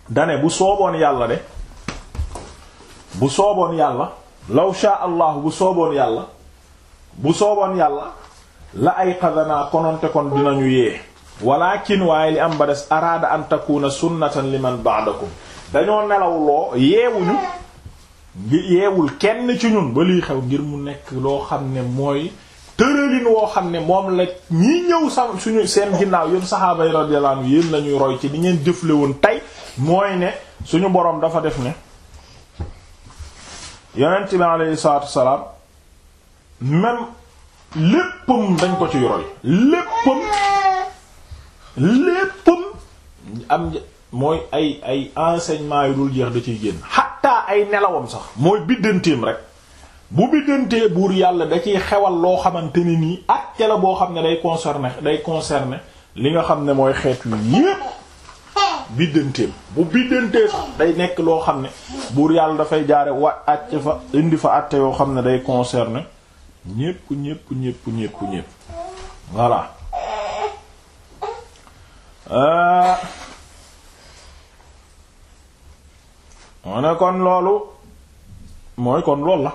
dane bu sooboon yàlla de bu sooboon yàlla law shaa allah bu sooboon yàlla bu sooboon yàlla la ay xasanaa kononte kon dinañu yee walakin waaye li am ba des araada an takuna sunnatan liman ba'dakum dañoo nelaw loo yeewuñu ngi yeewul kenn ci ñun ba liy xew ngir mu nekk loo xam ne mooy tëralin woo xam ne moom la ñi ñëw sam suñu seen ginnaaw yéen saxaaba yi radiyallahu anhu yéen roy ci di ngeen jëfle woon tey mooy ne suñu boroom dafa def ne yonent bi alayhi salaatu salaam même léppam dañ ko ci roy léppam léppam am mooy ay ay enseignement yu dul jeex da ciy génn xatta ay nelawam sax mooy biddanteem rek bu biddantee buur yàlla da ciy xewal loo xamante ni nii ak la boo xam ne day concerné day concerné li nga xam ne mooy xeet yu yépp biddanteem bu biddantee day nekk loo xam ne buur yàlla dafay jaare wa àcc fa indi fa àtte yoo xam ne day concerné ñépp ñépp ñépp ñépp ñépp voilà euh, moo ne kon loolu mooy kon loolu la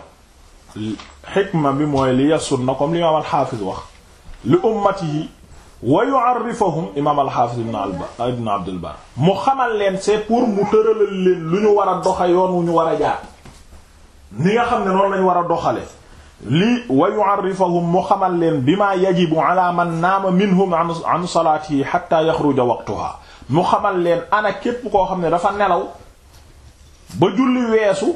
xikma bi mooy li yasun na kom li imaam alxaafis wax li ummati yi wa yu'arrifuhum imaam alxaafis ibn abdul bar mu xamal leen c'est pour mu tëralal leen lu ñu war a doxa yoon wu ñu war a jaar ni nga xam ne noonu lañu war a doxale li wa yu'arrifuhum mu xamal leen bima yajibu ala man naama minhum an salaatihi mu xamal leen ana képp koo xam ne dafa nelaw ba julli weesu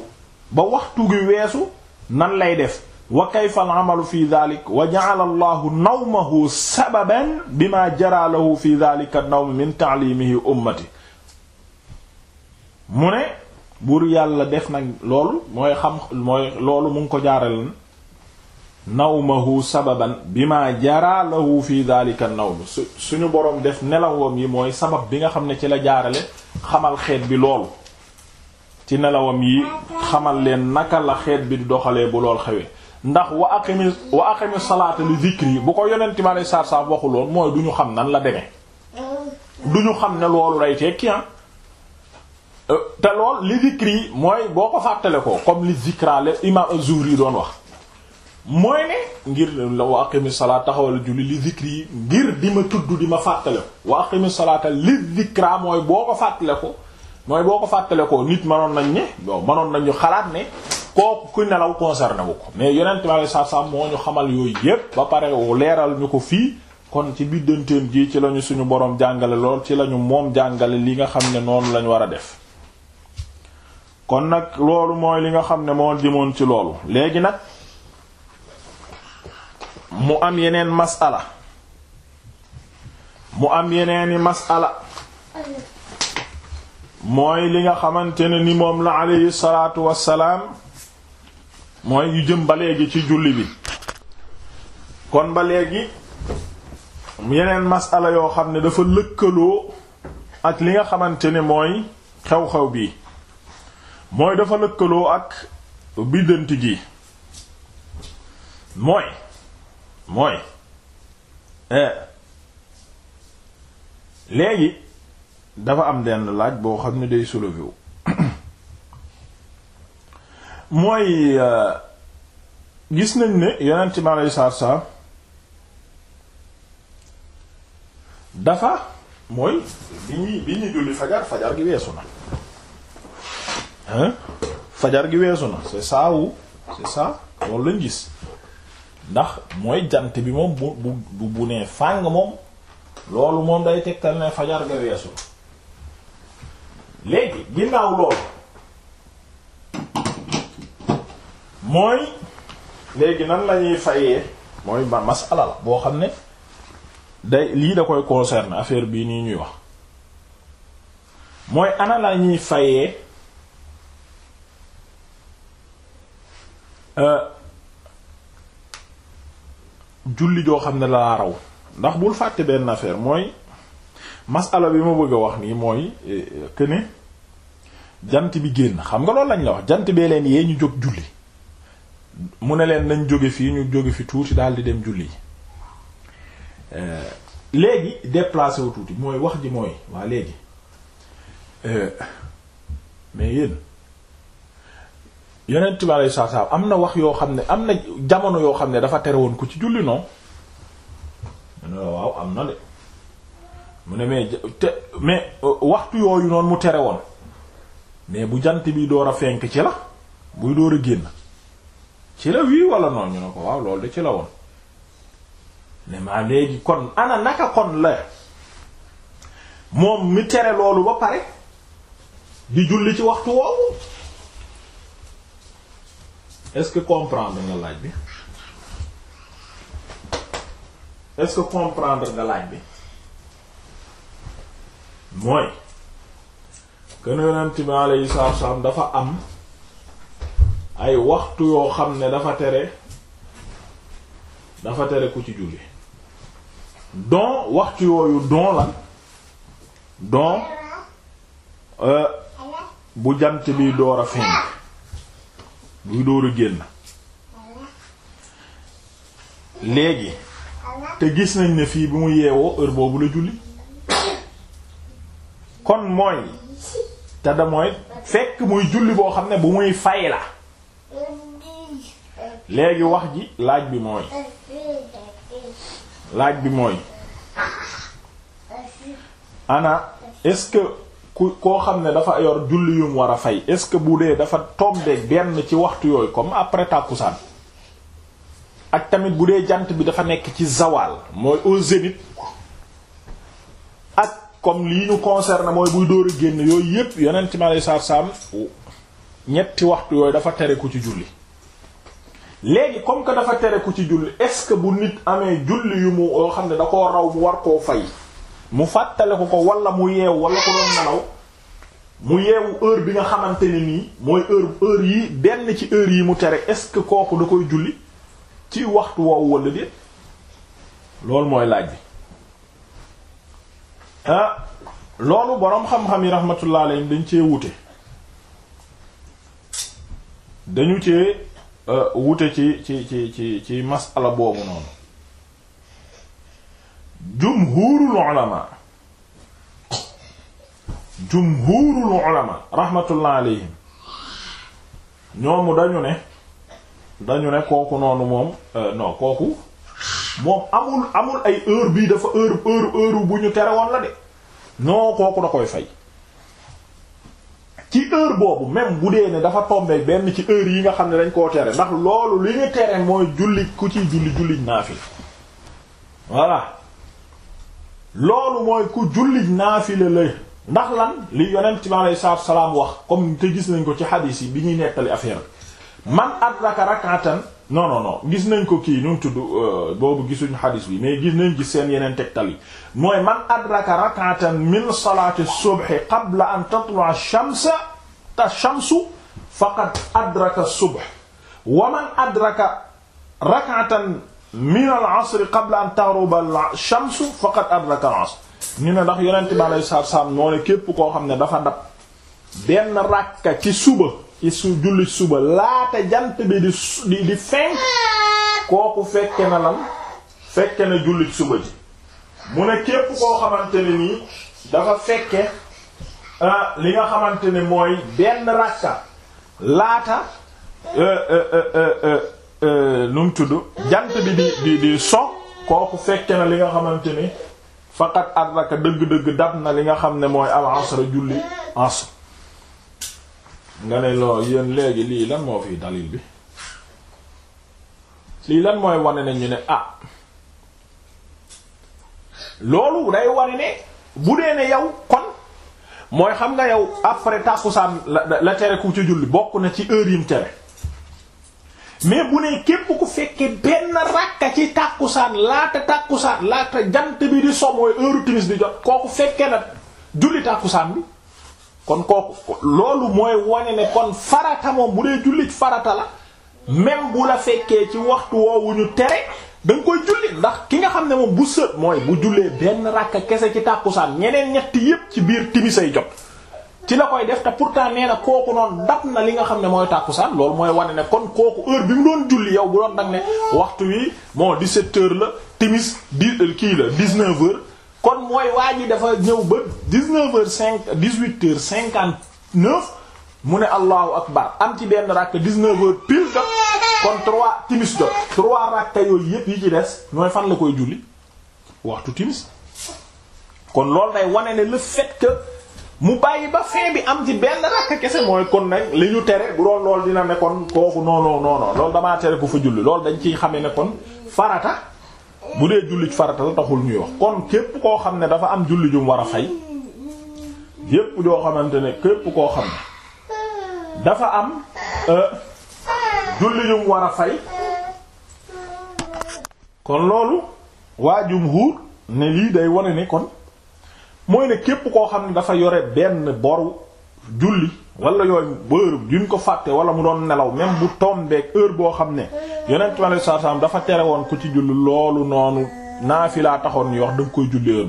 ba waxtu gi weesu nan lay def wa kayfa alamalu fi dalik wa ja'ala allahu nawmahu sababan bima jara lahu fi dalika an-nawm min ta'limihi ummati mu ne buur yàlla def nag loolu mooy xam mooy loolu mu ko jaaralen nawmahu sababan bima jara lahu fi daalika nawm su suñu boroom def nelawam yi mooy sabab bi nga xam ne ci la jaarale xamal xeet bi loolu ci nelawam yi xamal leen naka la xeet bi di doxalee bu lool xewee ndax wa aqimi wa aqimi salaata li dhikri bu ko yonenti ma lay saar saar waxuloon mooy du ñu xam nan la demee du ñu xam ne loolu lay tekki ah euh, te lool li yi mooy boo ko fàttale ko comme li dhikra le imam az-Zuhri doon wax mooy ne ngir la wa aqimi salaat taxawal julli li zikri yi ngir di ma tudd di ma fàttale ko wa aqimi salaata li zikra mooy boo ko fàttale ko mooy boo ko fàttale ko nit mënoon nañ ne manoon mënoon nañu xalaat ne kooku ku nelaw concerné wu ko mais yonent ma moo ñu xamal yooyu yépp ba pare leeral ñu ko fii kon ci biddanteem gi ci lañu suñu boroom jàngale lool ci lañu moom jàngale li nga xam ne noonu lañu war a def kon nag loolu mooy li nga xam ne moo dimoon ci loolu léegi nag mu am yeneen masala mu am yeneeni masala mooy li nga xamante ne ni moom la alayhi salaatu wassalaam mooy yu jëm ba léegi ci julli bi kon ba léegi yeneen masala yoo xam ne dafa lëkkaloo ak li nga xamante ne mooy xew-xew bi mooy dafa lëkkaloo ak biddanti gi mooy mooy eh, léegi dafa am denn laaj boo xam ne day soulevé wu <coughs> mooy euh, gis nañ ne yonent mi aleyhi salaatu salaam dafa mooy bi ñuy bi ñuy julli fajar fajar gi weesu na hein fajar gi weesu na c'est ça c'est ça loolu lañ gis ndax mooy jant bi moom bu bu bu bu nee fàng moom loolu moom day tegtal ne fajar ga weesu léegi ginnaaw loolu mooy léegi nan lañuy ñuy fayee mooy ma masala boo xam ne day lii da koy concerne affaire bii nii ñuy wax mooy ana la ñuy fayee. Euh, julli joo xam ne la raw ndax bul fàtte benn affaire mooy masala bi ma bëgg wax nii mooy eh, que jant bi génn xam nga lool lañ la wax jant bee leen yee ñu jóg julli mu ne leen nañ jóge fii ñu jóge fi tuuti daal di dem julli eh, léegi déplacé wu tuuti mooy wax ji mooy waa léegi eh, mais yéen. yonent bi alayhi salaam am na wax yoo xam ne am na jamono yoo xam ne dafa tere woon ku ci julli noonu mu ne waaw am na de mu ne mais te mais euh, waxtu yooyu noonu mu tere woon mais bu jant bi door a fenk ci la buy door a génn ci la wala noonu ñu loolu de ci la woon ne léegi kon ana naka kon la moom mi tere loolu ba pare di julli ci waxtu woowu est-ce que comprendre nga laaj bi est-ce que comprendre nga laaj bi mooy kën yonent bi alayhi salaatu wassalaam dafa am ay waxtu yoo xam ne dafa tere dafa tere ku ci julli don waxtu yooyu don la don euh, bu jant bi door a fenk buy dóor a génn léegi te gis nañ ne fii bu mu yeewoo heure boobu la julli kon mooy te da fekk muy julli boo xam ne bu muy fay la léegi wax ji laaj bi mooy laaj bi mooy ana est ku koo xam ne dafa yor julli yum war a fay est-ce que bu dee dafa tombeeg benn ci waxtu yooyu comme après tàkkusaan ak tamit bu dee jant bi dafa nekk ci zawal mooy au ak comme lii ñu concerne mooy buy dóor a génn yooyu yépp yeneen ci ma lay saar ñetti waxtu yooyu dafa tere ku ci julli léegi comme que dafa tere ku ci julli est-ce que bu nit amee julli yu mu yoo xam ne da koo raw mu war koo fay mu fàttaliku ko walla mu yeewu wala ko doon nelaw mu yeewu heure bi nga xamante ne nii mooy heure heure yi benn ci heure yi mu tere est-ce que kooku da koy julli ci waxtu woowu wala déet loolu mooy laaj bi ah loolu boroom xam-xam yi rahmatullah alayhim dañ cee wute dañu cee euh, wute ci ci ci ci ci masala boobu noonu jumhuurul ulama jumhuurul ulama rahmatullah alayhim ñoomu dañu ne dañu ne kooku noonu moom euh, non kooku moom amul ay heure bii dafa heure heure bu ñu tere woon la de non kooku da koy fay ci heure boobu même bu dee ne dafa tombé benn ci heure yi nga xam ne dañ koo tere ndax loolu li ñu tere mooy julli ku ciy julli julli naafil voilà loolu mooy ku jullit naafile la ndax lan li yonent bi aleyhi salaatu salaam wax comme te gis nañ ko ci xadiis bi ñuy nettali affaire bi man adraka rak'atan non non gis nañ ko kii ñu tudd euh, boobu gisuñu xadiis bi mais gis nañ gis seen yeneen tegtal yi mooy man adraka rak'atan min salaati subhi qabla an tatlu'a ash-shams ta shamsu faqad adraka as man adraka rak'atan min al asr qabla an taghruba al shamsu al asr ñu ne ndax yonent bi alayhi salaatu salaam moo képp koo xam ne dafa ndab benn ràkka ci suba ci su julli suba laata jant bi di di di fenk kooku fekke na lan fekke na jullit suba ji mu ne képp koo xamante ne nii dafa fekke ah, li nga xamante ne mooy benn ràkka laata eh, eh, eh, Euh, nu mu tudd jant bi di di di so kooku fekke na li nga xamante ni faqat adraka dëgg-dëgg dab na li nga xam ne mooy al asr julli asr nga ne loo yéen léegi lii lan moo fi dalil bi lii lan mooy wane ne ñu ne ah loolu day wane ne bu dee ne yow kon mooy xam nga yow après tàkkusaan la tere ku ci julli bokk na ci heure tere mais bu ne képp ku fekkee benn rakka ci tàkkusaan laata tàkkusaan laata jant bi di so mooy heure timis bi jot kooku fekkee na julli tàkkusaan bi kon kooku loolu mooy wane ne kon farata moom bu dee jullit farata la même bu la fekkee ci waxtu woowu ñu tere da nga koy julli ndax ki nga xam ne moom bu sët mooy bu jullee benn rakka kese ci tàkkusaan ñeneen ñetti yépp ci biir timisay jot ci la koy def te pourtant nee na kooku noonu dab na li nga xam ne mooy tàkkusaan loolu mooy wane ne kon kooku heure bi mu doon julli yow bu doon dag ne waxtu wi bon 17 heures la timis di euh, kii la 19 heures kon mooy waa ji dafa ñëw ba 19 heures 5 18 heures 59 mu ne allahu akbar am ci benn rakk 19 heures pile jot kon 3 timis jot 3 rakk yooyu yépp yi ci des mooy fan la koy julli waxtu timis kon loolu day wane mu bàyyi ba fin bi am ci benn rakk kese mooy kon nag li ñu tere bu doon lool dina nekkoon kon kooku non non non loolu damaa tere ku fa julli loolu dañ ciy xamee ne kon farata bu dee julli farata la taxul ñuy wax kon képp koo xam ne dafa am julli ju mu war a fay yépp joo xamante ne képp koo xam dafa am euh, ju war a fay kon loolu waa jumhuur ne lii day wone ne kon. mooy ne képp koo xam ne dafa yore benn boru julli wala yooyu heure duñ ko fàtte wala mu doon nelaw même bu tombeeg heure boo xam ne yonent mi alayhi salaam dafa tere woon ku ci loolu noonu naafilaa taxoon ni wax da nga koy julli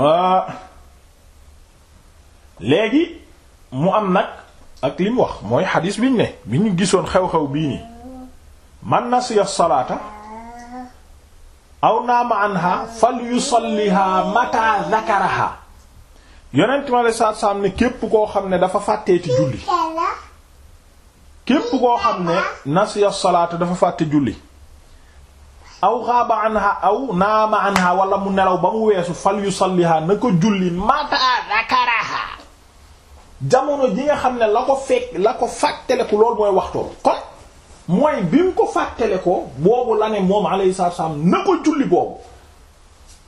ah. léegi mu am nag ak li wax mooy xadiis biñ ne bi ñu gisoon xew bii nii man nasiya salaata aw naama anha fal yusalliha mata zakaraha yonent ma la saat saam ne képp koo xam ne dafa fàttee ci julli képp koo xam ne nasiya salaata dafa fàtte julli aw xaaba anha aw naama anha wala mu nelaw ba mu weesu fal yu yusalliha na ko julli mata zakaraha jamono ji nga xam ne la ko fekk la ko fàtteleku loolu mooy waxtoon mooy bi mu ko fàttale ko boobu la ne moom alayhi salaam na ko julli boobu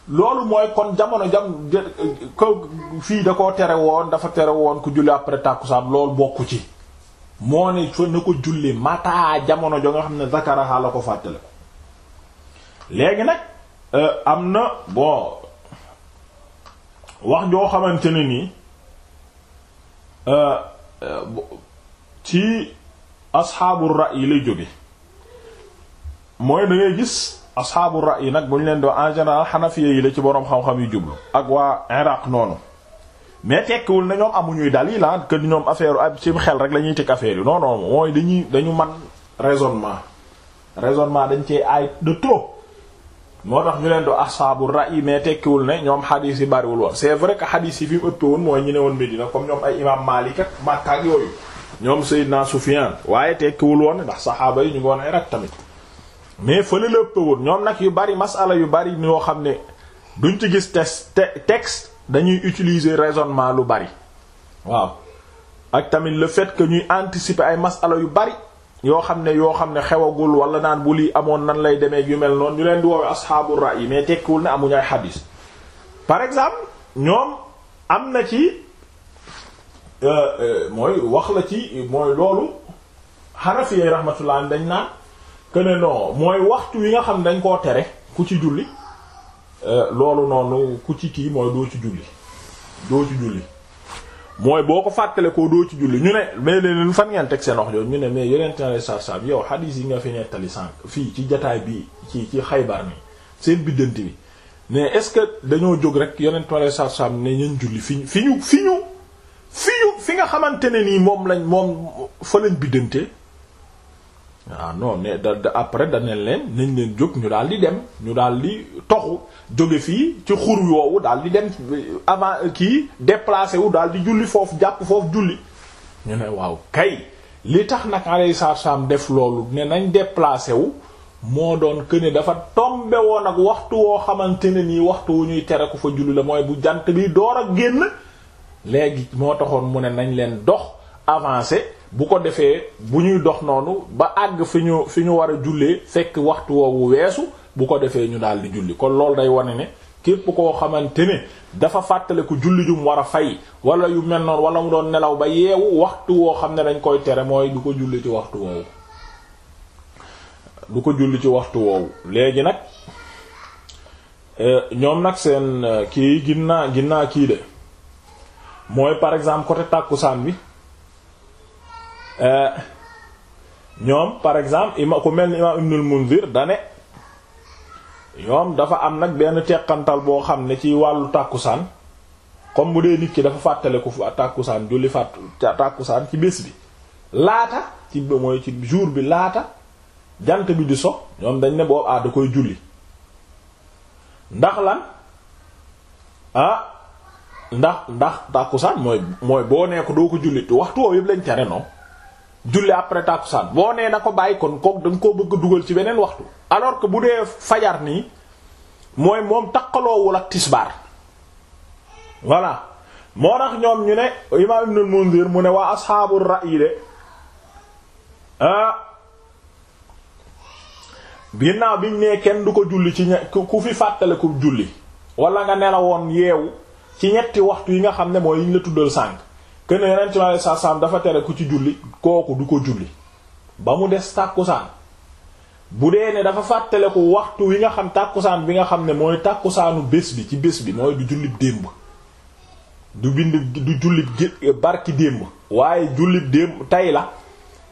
loolu mooy kon jamono jam ko fii da ko tere woon dafa tere woon ku julli après tàkkusaan loolu bokku ci moo ne fa na ko julli mataa jamono jo nga xam ne zakaraha la ko fàttale ko léegi nag euh, am na bon wax joo xamante ne nii euh, euh, ci asxaabul yi lay jóge mooy da ngay gis asxaabul yi nag bu ñu leen doo en général xanafiya yi la ci boroom xam-xam yu jublu ak waa iraq noonu mais tekkiwul na ñoom amuñuy dal yi ah, la que ñoom affaire ab ci xel rek la ñuy teg affaire yi non non mooy dañuy dañu man raisonnement raisonnement dañ cee ay de trop moo tax ñu leen do asxaabu ra'yi mais tekkiwul ne ñoom xadiis yi bariwul woon c'est vrai que xadiis yi fi mu ëppee woon mooy ñu ne woon Medina comme ñoom ay yooyu ñoom Seydina Sufyan waaye tekkiwul woon ndax saxaaba yi ñu ngi woon Irak tamit mais fële la ëpp ñoom nag yu bari masala yu bari ñoo xam ne duñ ci gis test texte dañuy utiliser raisonnement lu bari waaw ak tamit le fait que ñuy anticiper ay masala yu bari yoo xam ne yoo xam ne xewagul wala naan bu lii amoon nan lay demee yu mel noonu ñu leen di woowee asxaabu yi mais tekkiwul ne amuñ ay xadiis par exemple ñoom am na ci. Euh, euh, mooy wax la ci mooy loolu xanafi yi rahmatullah dañ naan que ne mooy waxtu wi nga xam dañ koo tere ku ci julli euh, loolu noonu ku ci kii mooy doo ci julli doo ci julli mooy boo ko fàttale koo doo ci julli ñu ne mais leen fan ngeen teg seen wax jooju ñu ne mais yeneen tànn saabsaab yow xadiis yi nga fi nettali sànq fii ci jataay bi ci ci xaybar ni seen biddante bi mais est-ce que dañoo jóg rek yeneen tànn saabsaab ne ñeen julli fi ñu fi ñu fi yu fi nga xamante ne nii moom lañ moom fa lañ biddante waaw ah, non ne da da après daneen leen nañ leen jóg ñu daal di dem ñu daal di toxu jóge fii ci xur yoowu daal di dem avant kii déplacé wu daal di julli foofu jàpp foofu julli ñu ne waaw kay li tax nag alayhi salaam def loolu ne nañ déplacé wu moo doon këne dafa tombe woon ak waxtu woo xamante ne nii waxtu wu ñuy tere ku fa julli la mooy bu jant bi door ak génn léegi moo taxoon mu ne nañ leen dox avancé bu ko defee bu ñuy dox noonu ba àgg fi ñu fi ñu war a jullee fekk waxtu woowu weesu bu ko defee ñu daal di julli kon loolu day wane ne képp koo xamante ne dafa fàttaliku julli jum war a fay wala yu mel noonu wala mu doon nelaw ba yeewu waxtu woo xam ne dañ koy tere mooy du ko julli ci waxtu woowu du ko julli ci waxtu woowu léegi nag eh, ñoom nag seen eh, kii ginnaa ginnaa kii de mooy par exemple côté tàkkusaan bi euh, ñoom par exemple ima ku mel ni imaam Ibnul Munzir dane ñoom dafa am nag benn teqantal boo xam ne ci wàllu tàkkusaan comme bu dee nit ki dafa fàttaleku tàkkusaan julli fàtt tàkkusaan ci bés bi laata ci mooy ci jour bi laata jant bi di so ñoom dañ ne boobu ah koy julli ndax lan ah ndax ndax tàkkusaan mooy mooy boo nee ko doo ko julli waxtu woowu yëpp lañ tere non julli après tàkkusaan boo nee na ko bàyyi kon kook da nga koo bëgg dugal ci beneen waxtu alors que bu dee fajar nii mooy moom taqaloowul ak tisbaar voilà moo tax ñoom ñu ne imaam ibnul Munzir mu ne waa asxaabu ra'yi de ah ginnaaw biñ ne kenn du ko julli ci ña ku fi fàttaliku julli wala nga nelawoon yeewu ci ñetti waxtu yi nga xam ne mooy yiñ la tuddal sànq que ne yeneen dafa tere ku ci julli kooku du ko julli ba mu des tàkkusaan bu dee ne dafa fàttale ko waxtu wi nga xam tàkkusaan bi nga xam ne mooy tàkkusaanu bés bi ci bés bi mooy du jullib démb du bind du jullib barki démb waaye jullib démb tey la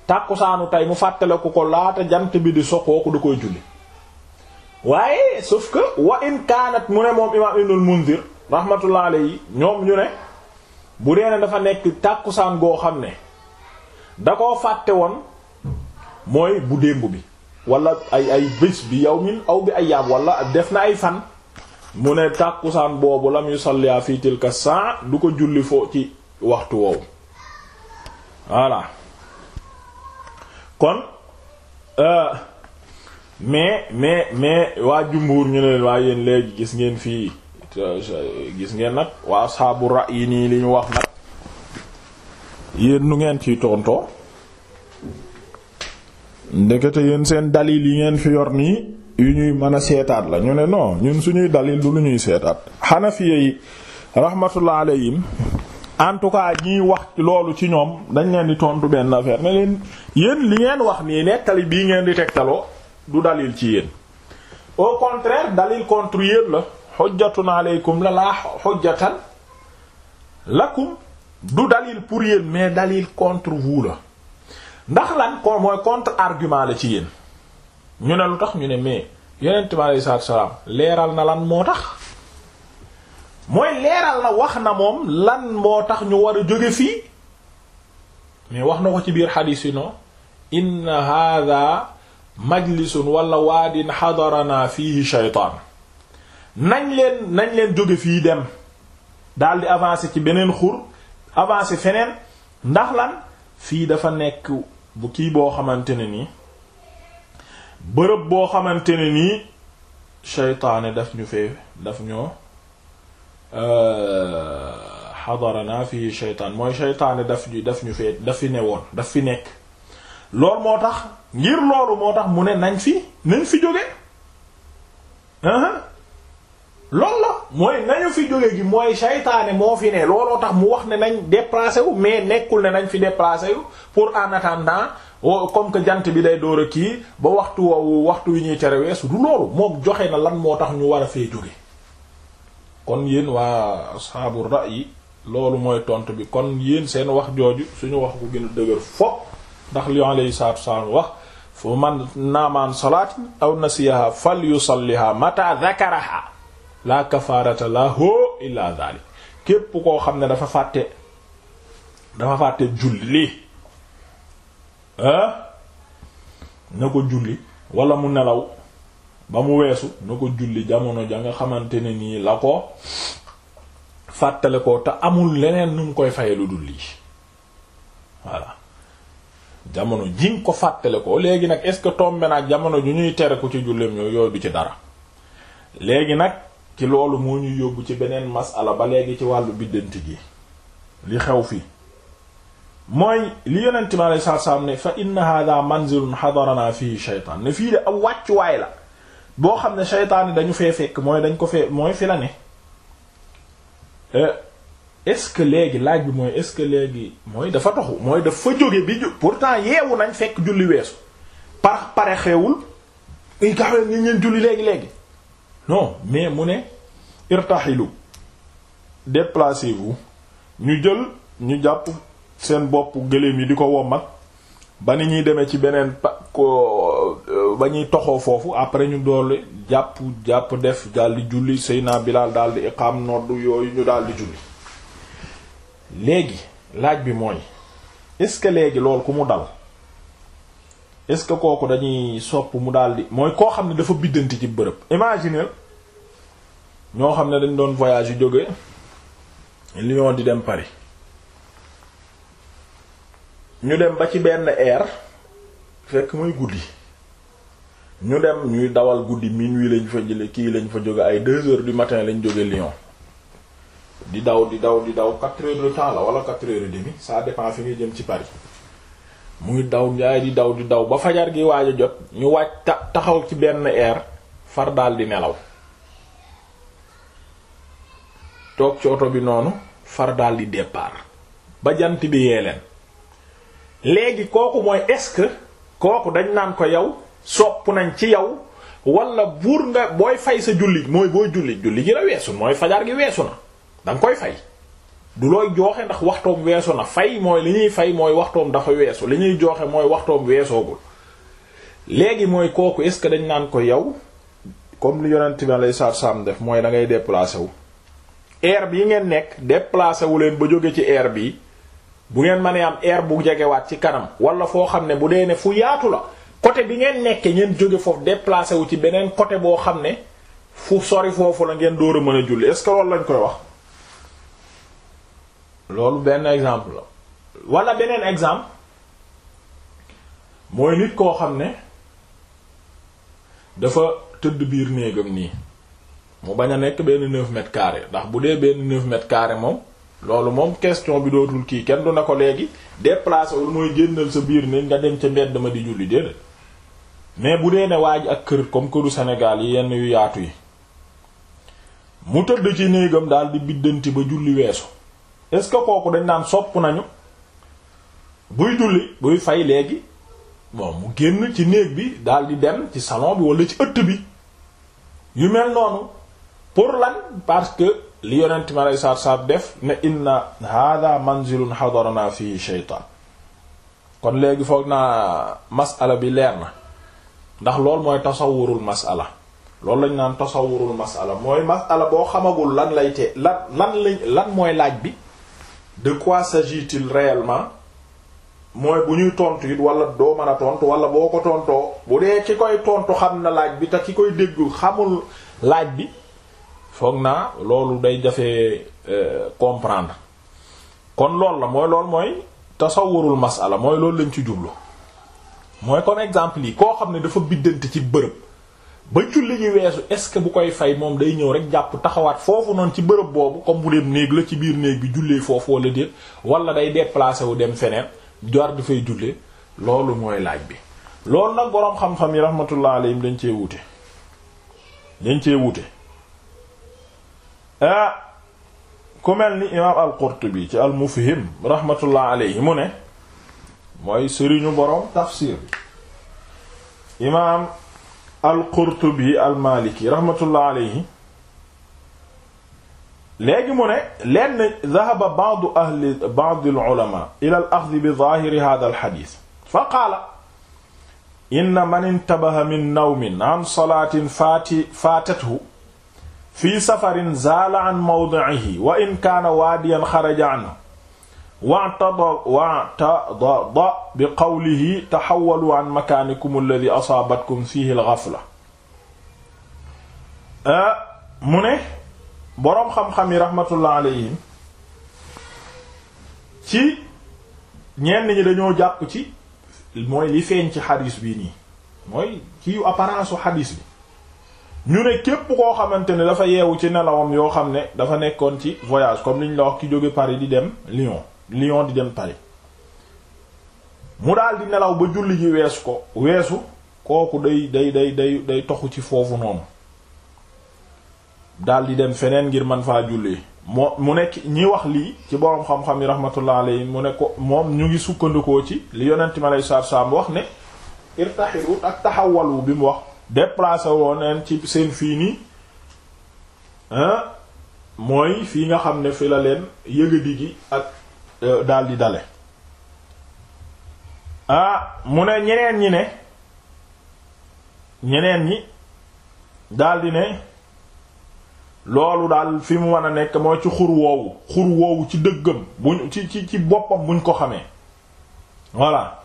tàkkusaanu tey mu fàttale ko ko laata jant bi di so kooku du koy julli waaye sauf que wa in kaanat mu ne moom imaam ibnul Munzir rahmatullah alayhi ñoom ñu ne bu dee ne dafa nekk tàkkusaan goo xam ne da koo fàtte woon mooy bu démb bi wala ay ay bés bi yawmin aw bi ay ayyaam wala def na ay fan mu ne tàkkusaan boobu lam yusallia fi tilka saa du ko julli foo ci waxtu woowu voilà kon euh, mais mais mais waa jumbuur ñu ne leen waa yéen léegi gis ngeen fii Euh, gis ngeen nag waa asxaabu yi nii li ñu wax nag yéen nu ngeen ciy tontoo ndekete yéen seen dalil yi ngeen fi yor nii yu ñuy mën a seetaat la ñu ne noo ñun suñuy dalil du lu ñuy seetaat xanafiya yi rahmatullah alayhim en tout cas ñiy wax loolu ci ñoom dañ leen di tontu benn affaire ne leen yéen li ngeen wax nii nettali bii ngeen di tegtaloo du dalil ci yéen au contraire dalil contre yéen la xujjatun aleykum la laa xujjatan lakum du dalil pour yéen mais dalil contre vous la ndax lan ko mooy contre argument la ci yéen ñu ne lu tax ñu ne mais yonent bi aleyhi salaam leeral na lan moo tax mooy leeral na wax na moom lan moo tax ñu war a jóge fii mais wax na ko ci biir xadiis yi non inna hadha majlisun wala waadin xadarana fihi shaytaan nañ leen nañ leen jóge fii dem daldi avancer ci beneen xur avancer feneen ndax lan fii dafa nekk bu kii boo xamante ne nii bërëb boo xamante ne nii seytaane daf ñu fee daf ñoo xadarana euh, fi seytaan mooy seytaane daf ñu daf ñu fee daf fi ne woon daf fi nekk loolu moo tax ngir loolu moo tax mu ne nañ fi nañ fi jóge loolu la mooy nañu fi jóge gi mooy saytaane moo fi ne looloo tax mu wax ne nañ déplacé wu mais nekkul ne nañ fi déplacé wu pour en attendant comme que jant bi day door a kii ba waxtu woowu waxtu wi ñuy tere weesu du loolu moom joxe na lan moo tax ñu war a fee jóge kon yéen waa asxaabu ra'yi loolu mooy tontu bi kon yéen seen wax jooju suñu wax ko gën a dëgër fop ndax li alayhi salaatu wassalaam wax fu man naamaan salaati aw nasiyaha fal yusalliha mata dhakaraha la kafaarata lahu illa zalik képp koo xam ne dafa fàtte dafa fàtte julli na ko julli walla mu nelaw ba mu weesu na ko julli jamono ja nga xamante ne nii la ko fàttale ko te amul leneen nu mu koy faye lu dul lii voilà jamono ji nga ko fàttale ko léegi nag est-ce que tombe nag jamono ju ñuy tere ko ci julleem yooyu yooyu du ci dara léegi nag ci loolu moo ñuy yóbbu ci beneen masala ba léegi ci wàllu biddanti gi li xew fi mooy li yonent mi alei satu salaam ne fa inna hadha manzilun hadarana fihi shaytaan ne fii de ab wàccuwaay la boo xam ne shaytaan dañu fee fekk mooy dañ ko fee mooy fi la ne eh, est-ce que léegi laaj bi mooy est-ce que léegi mooy dafa taxu mooy dafa jóge bi pourtant yeewu nañ fekk julli weesu par pare xewul i gaawe nga ñeen julli léegi-léegi non mais mu ne irtaxilu déplacez-vous ñu jël ñu jàpp seen bopp gëléem yi di ko mag ba ni ñuy demee ci beneen pa euh, ba ñuy toxoo foofu après ñu doole jàpp jàpp def daldi julli Seyna Bilaal daldi iqaam nodd yooyu ñu daldi julli léegi laaj bi mooy est-ce que léegi loolu ku mu dal est-ce que kooku dañuy sopp mu di mooy koo xam ne dafa biddanti ci bërëb imaginer ñoo xam ne dañ doon voyage yu jóge Lyon di dem Paris ñu dem ba ci benn air fekk muy guddi ñu dem ñuy dawal guddi minuit lañ fa jële kii lañ fa jóge ay deux heures du matin lañ jóge Lyon di daw di daw di daw quatre heures de temps la wala quatre heures et demie ça dépend fi ngay jëm ci Paris muy daw gaay di daw di daw ba fajar gi waaj a jot ñu wàcc ta taxaw ci benn air far daldi di nelaw toog ci oto bi noonu far daldi di ba jant bi yee leen léegi kooku mooy est-ce que kooku dañ naan ko yow sopp nañ ci yow walla buur nga booy fay sa julli mooy booy julli julli gi la weesu mooy fajar gi weesu na danga koy fay du looy jooxe ndax waxtoom weesu na fay mooy li ñuy fay mooy waxtoom ndax weesu li ñuy jooxe mooy waxtoom weesoogul léegi mooy kooku est dañ naan ko yow comme li yonent bi alayhi salaatu salaam def mooy da ngay déplacé wu air bii ngeen nekk déplacé wu leen ba jóge ci air bi bu ngeen mënee am air bu jegewaat ci kanam wala foo xam ne bu dee ne fu yaatu la côté bi ngeen nekkee ngeen jóge foofu déplacé wu ci beneen côté boo xam ne fu sori foofu la ngeen door a mën a julli est lañ koy wax loolu benn exemple la wala beneen exemple mooy nit koo xam ne dafa tëdd biir néegam nii mu bañ a nekk benn neuf mètres carrés ndax bu dee benn neuf mètres carrés moom loolu moom question bi dootul kii kenn du na ko léegi déplacé wul mooy génnal sa biir néeg nga dem ca mbedd ma di julli déedéet mais bu dee ne waa ji ak kër comme këru senegal yi yenn yu yaatu yi mu tëdd ci néegam daal di biddanti ba julli weesu est-ce que kooku dañ naan sopp nañu buy julli buy fay léegi bon mu génn ci néeg bi daal di dem ci salon bi wala ci ëtt bi yu mel noonu pour lan parce que li yonent ma lay saab saab def ne inna hada manzilun hadarana fi shaytan kon léegi foog naa masala bi leer na ndax loolu mooy tasawurul masala loolu lañ naan tasawurul masala mooy masala boo xamagul lan lay te lan lan mooy laaj bi de quoi s'agit-il réellement mooy bu ñuy tontu it wala doo mën a tontu wala boo ko tontoo bu dee ki koy tontu xam na laaj bi te ki koy déggu xamul laaj bi foog naa loolu day jafe euh, comprendre kon loolu la mooy loolu mooy tasawurul masala mooy loolu lañ ci jublu mooy kon exemple yi koo xam ne dafa biddanti ci bërëb ba julli ji weesu est-ce que bu koy fay moom day ñëw rek jàpp taxawaat foofu noonu ci bërëb boobu ko bu néeg la ci biir néeg bi jullee foofu wala déet wala day déplacé wu dem feneen jaar di fay jullee loolu mooy laaj bi loolu nag boroom xam-xam yi rahmatullah alayhim dañ cee wuute dañ cee wuute ah ku mel ni imaam al ci al-Mufhim rahmatullah alayhi mu ne mooy sëriñu boroom tafsir bi imaam al-Qurtubi al-Maliki rahmatullah alayhi léegi mu ne lenn dhahaba ba'du ahli ba'du al-ulama ila al-akhdh bi dhahiri hadha al-hadith fa qaala inna man intabaha min nawmin an salaatin faati faatathu fi safarin zaala an mawdi'ihi wa in kaana waadiyan xaraja anhu wa'tada wa'tada bi qawlihi tahawwalu an makaanikum alladhi asaabatkum fihi al-ghafla ah, mu ne boroom xam-xam yi rahmatullah alayhim ci ñenn ñi dañoo jàpp ci mooy li feeñ ci xadis bi nii mooy ci apparence su xadis bi ñu ne képp koo xamante ne dafa yeewu ci nelawam yoo xam ne dafa nekkoon ci voyage comme li ñu la wax ki jóge Paris di dem Lyon Lyon di dem Paris mu daal di nelaw ba julli ji weesu ko weesu kooku day day day day day toxu ci foofu noonu daldi dem feneen ngir man faa julli moo mu nekk ñi wax lii ci boroom xam-xam yi rahmatullah alayhi mu ne ko moom ñu ngi sukkandikoo ci li yonent mi alayhi salaatu salaam wax ne irtaxilu ak taxawalu bi mu wax déplacé woon ci seen fii nii mooy fii nga xam ne fi la leen yëgadi gi ak Euh, daldi dale ah mu ne ñeneen ñi ne ñeneen ñi daldi ne loolu daal fi mu mën a nekk mooy ci xur woowu xur woowu ci dëggam buñ ci ci ci boppam buñ ko xamee voilà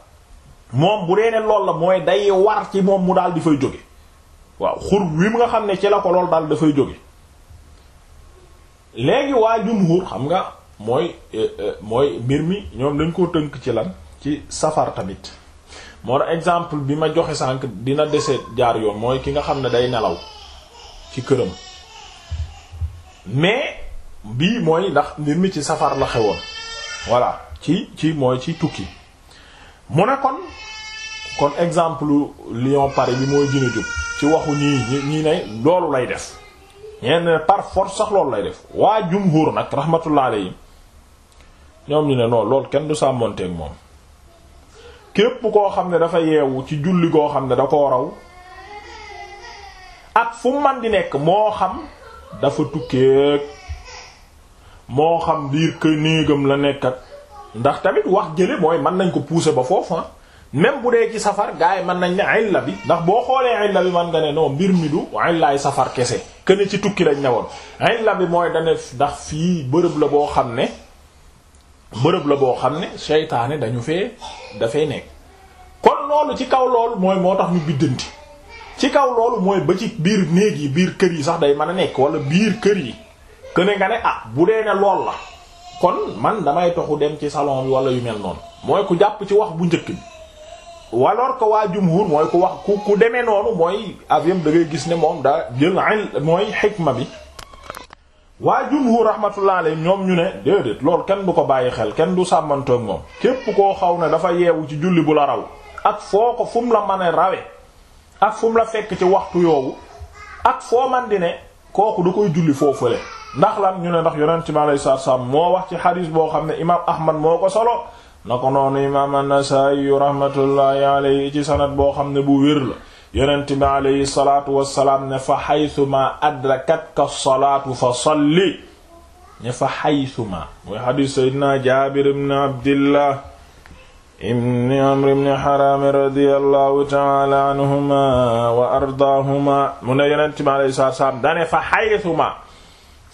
moom bu dee ne lool la mooy day war ci moom mu daal di fay jóge waaw xur wi mu nga xam ne ci la ko lool daal dafay jóge léegi waa jumhur xam nga mooy euh, euh, mooy mbir mi ñoom dañ koo tënk ci lan ci safar tamit moo tax exemple bi ma joxe sànq dina dese jaar yoon mooy ki nga xam ne day nelaw ci këram mais bii mooy ndax mbir mi ci safar la xewoon voilà ci ci mooy ci tukki mu ne kon kon exemple lion Paris bi mooy gën a ci waxu ñii ñii ne loolu lay def ñeen par force sax loolu lay def waa jumhur nag rahmatullah alayhi ñoom ñu ne non lool kenn du sàmmonteeg moom képp koo xam ne dafa yeewu ci julli koo xam ne da koo raw ak fu man di nekk moo xam dafa tukkeeg moo xam biir kë néegam la nekk ak ndax tamit wax jële mooy mën nañ ko pousser ba foofu ah même bu dee ci safar gars yi mën nañ ne illa bi ndax boo xoolee illa bi man nga ne non mbir mi du illaay safar kese kene ci tukki lañ ne woon illa bi mooy dane ndax fii bërëb la boo xam ne bërëb la boo xam ne seytaane dañu fee dafay nekk kon loolu ci kaw loolu mooy moo tax ñu biddanti ci kaw loolu mooy ba ci biir néeg yi biir kër yi sax day mën a nekk wala biir kër yi këne nga ne ah bu dee ne lool la kon man damay toxu dem ci salon bi wala yu mel noonu mooy ku jàpp ci wax bu njëkk bi alors que waa jumhur mooy ku wax ku ku demee noonu mooy aviam da ngay gis ne moom da jël mooy xikma bi waa jumhur rahmatullah alayhim ñoom ñu ne déedéet loolu kenn du ko bàyyi xel kenn du sàmmantoo moom képp koo xaw ne dafa yeewu ci julli bu la raw ak foo ko fu mu la mën a rawe ak fu la fekk ci waxtu yoowu ak foo man di kooku du koy julli foofule ndax lan ñu ne ndax yonent bi alayhi salaatu salaam moo wax ci xadiis boo xam ne imaam ahmad moo ko solo na ko noonu imaam an-Nasaa'i rahmatullahi alayhi ci sanad boo xam ne bu wér la yonent bi aleyhi salaatu wassalaam ne fa xaytuma adrakatka salaatu fa salli ne fa xaytuma mooy xadiis seydina jaabir ibn abdillah ibn amr ibn xaraam radiyallahu taala anhuma wa ardaahuma mu ne yonent bi aleyhi salaatu wassalaam dane fa xaytuma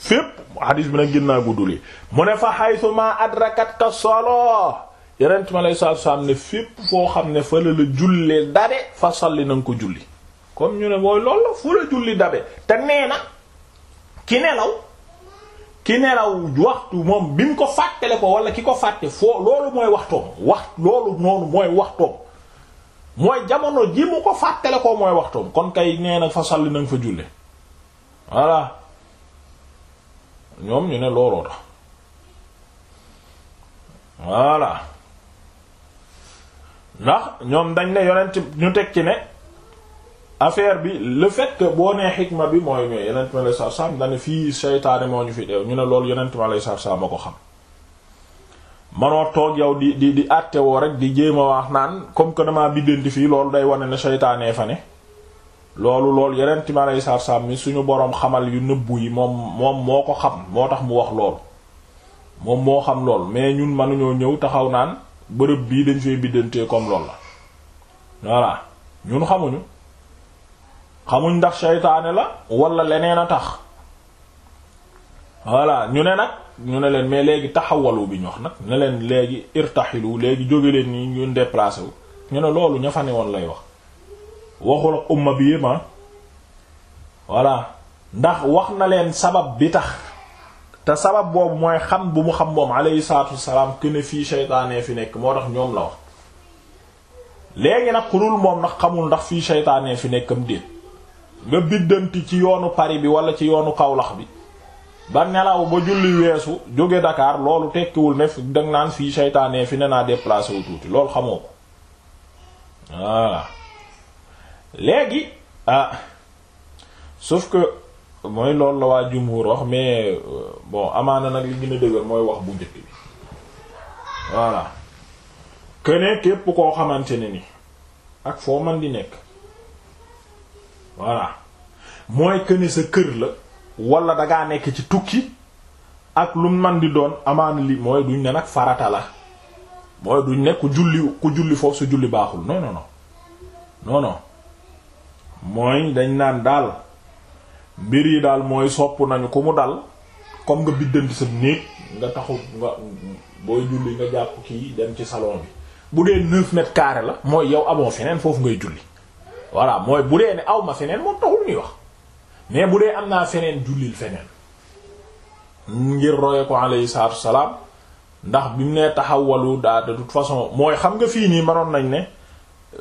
fépp xadiis bi nag gën naa gudduli mu ne fa xaytuma adrakatka salaatu yonent mi aleyhi salaatu salaam ne fépp foo xam ne fa la la jullee dabe fa salli na nga ko julli kon ñu ne mooy loolu la fu la julli dabe te nee na ki nelaw ki nelaw waxtu moom bi mu ko fàttale ko wala ki ko fàtte foo loolu mooy waxtoom wax loolu noonu mooy waxtoom mooy jamono ji mu ko fàttale ko mooy waxtoom kon kay nee na fa salli na nga fa julle voilà ñoom ñu ne looloo tax voilà ndax ñoom dañ ne yonent ñu teg ci ne affaire bi le fekk que boo nee xikma bi mooy ñooy yonent ma lay sar sam dane fii seytaane moo ñu fi ñu ne loolu yonent ma lay sar ma ko xam manoo toog yow di di di àtte woo rek di jéem a wax naan comme que damaa biddanti fii loolu day wane ne seytaanee fa ne loolu loolu yonent ma lay sar mi suñu boroom xamal yu nëbbu yi moom moom moo ko xam moo tax mu wax loolu moom moo xam loolu mais ñun mënuñoo ñëw taxaw naan bërëb bii dañ fee biddantee comme loolu la voilà ñun xamuñu xamuñ ndax seytaane la walla leneen a tax voilà ñu ne nag ñu ne leen mais léegi taxawalu bi ñu wax nag ne leen léegi irtaxilu léegi jóge leen nii ñu déplacé wu ñu ne loolu ña fa ne woon lay wax waxul umma bi yépp ah. voilà ndax wax na leen sabab bi tax te sabab boobu mooy xam bu mu xam moom alayhi salaatu wasalaam këne fii seytaane fi nekk moo tax ñoom la wax léegi nag xulul moom ndax xamul ndax fii seytaane fi nekkam déet nga biddanti ci yoonu Paris bi wala ci yoonu Kaolack bi ba nelaw ba julli weesu jóge dakaar loolu tekkiwul ne danga naan fii seytaane fi ne naa déplacé wu tuuti loolu xamoo ko léegi ah sauf que mooy loolu la waa jumhur wax mais euh, bon amaana nag li gën a dëgër mooy wax bu njëkk bi voilà que képp koo xamante ne ni ak foo man di nekk voilà mooy que sa kër la wala dangaa nekk ci tukki ak lu man di doon amaana li mooy duñ ne nag farata la mooy duñ ne ku julli ku julli foofu su julli baaxul non non mooy dañ naan daal. mbir yi daal mooy sopp nañu ku mu dal comme nga biddanti sa néeg nga taxu nga booy julli nga jàpp kii dem ci salon bi bu dee neuf mètres carrés la mooy yow amoo feneen foofu ngay julli voilà mooy bu dee ne aw ma feneen moom taxul ñuy wax mais bu dee am naa feneen jullil feneen ngir roye ko alayhi salaatu salaam ndax bi mu nee taxawalu daa de façon mooy xam nga fii nii manoon nañ ne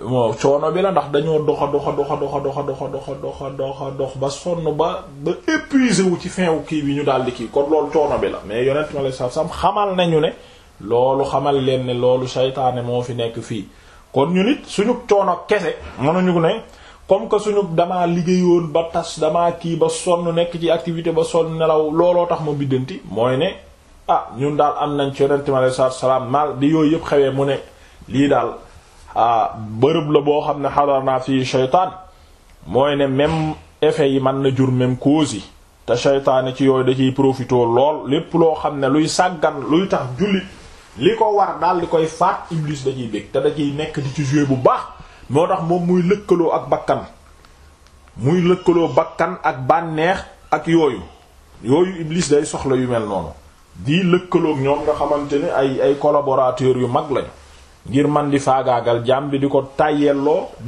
moo coono bi la ndax dañoo doxa doxa doxa doxa doxa doxa doxa doxa doxa dox ba sonn ba ba épuisé wu ci fin wu kii bi ñu daal di kii kon loolu coono bi la mais yonent ma lay sa sam xamal nañu ne loolu xamal leen ne loolu saytaane moo fi nekk fii kon ñu nit suñu coono kese mënuñu ne comme que suñu damaa liggéeyoon ba tas damaa kii ba sonn nekk ci activité ba sonn nelaw looloo tax ma biddanti mooy ne ah ñun daal am nañ ci yonent ma lay sa salaam mal di yooyu yëpp xewee mu ne lii daal ah bërëb la boo xam ne xadar naa fii shaytaan mooy ne même effet yi man na jur même cause yi te shaytaane ci yooyu da ciy profité lool lépp loo xam ne luy sàggan luy tax jullit li ko war daal di koy faat iblis da ciy bég te da nekk di ci jouer bu baax moo tax moom muy lëkkaloo ak bakkan muy lëkkaloo bakkan ak bànneex ak yooyu yooyu iblis day soxla yu mel noonu di lëkkalook ñoom nga xamante ay ay collaborateurs yu mag lañu ngir man di faagaagal jaam bi di ko tàyyelloo di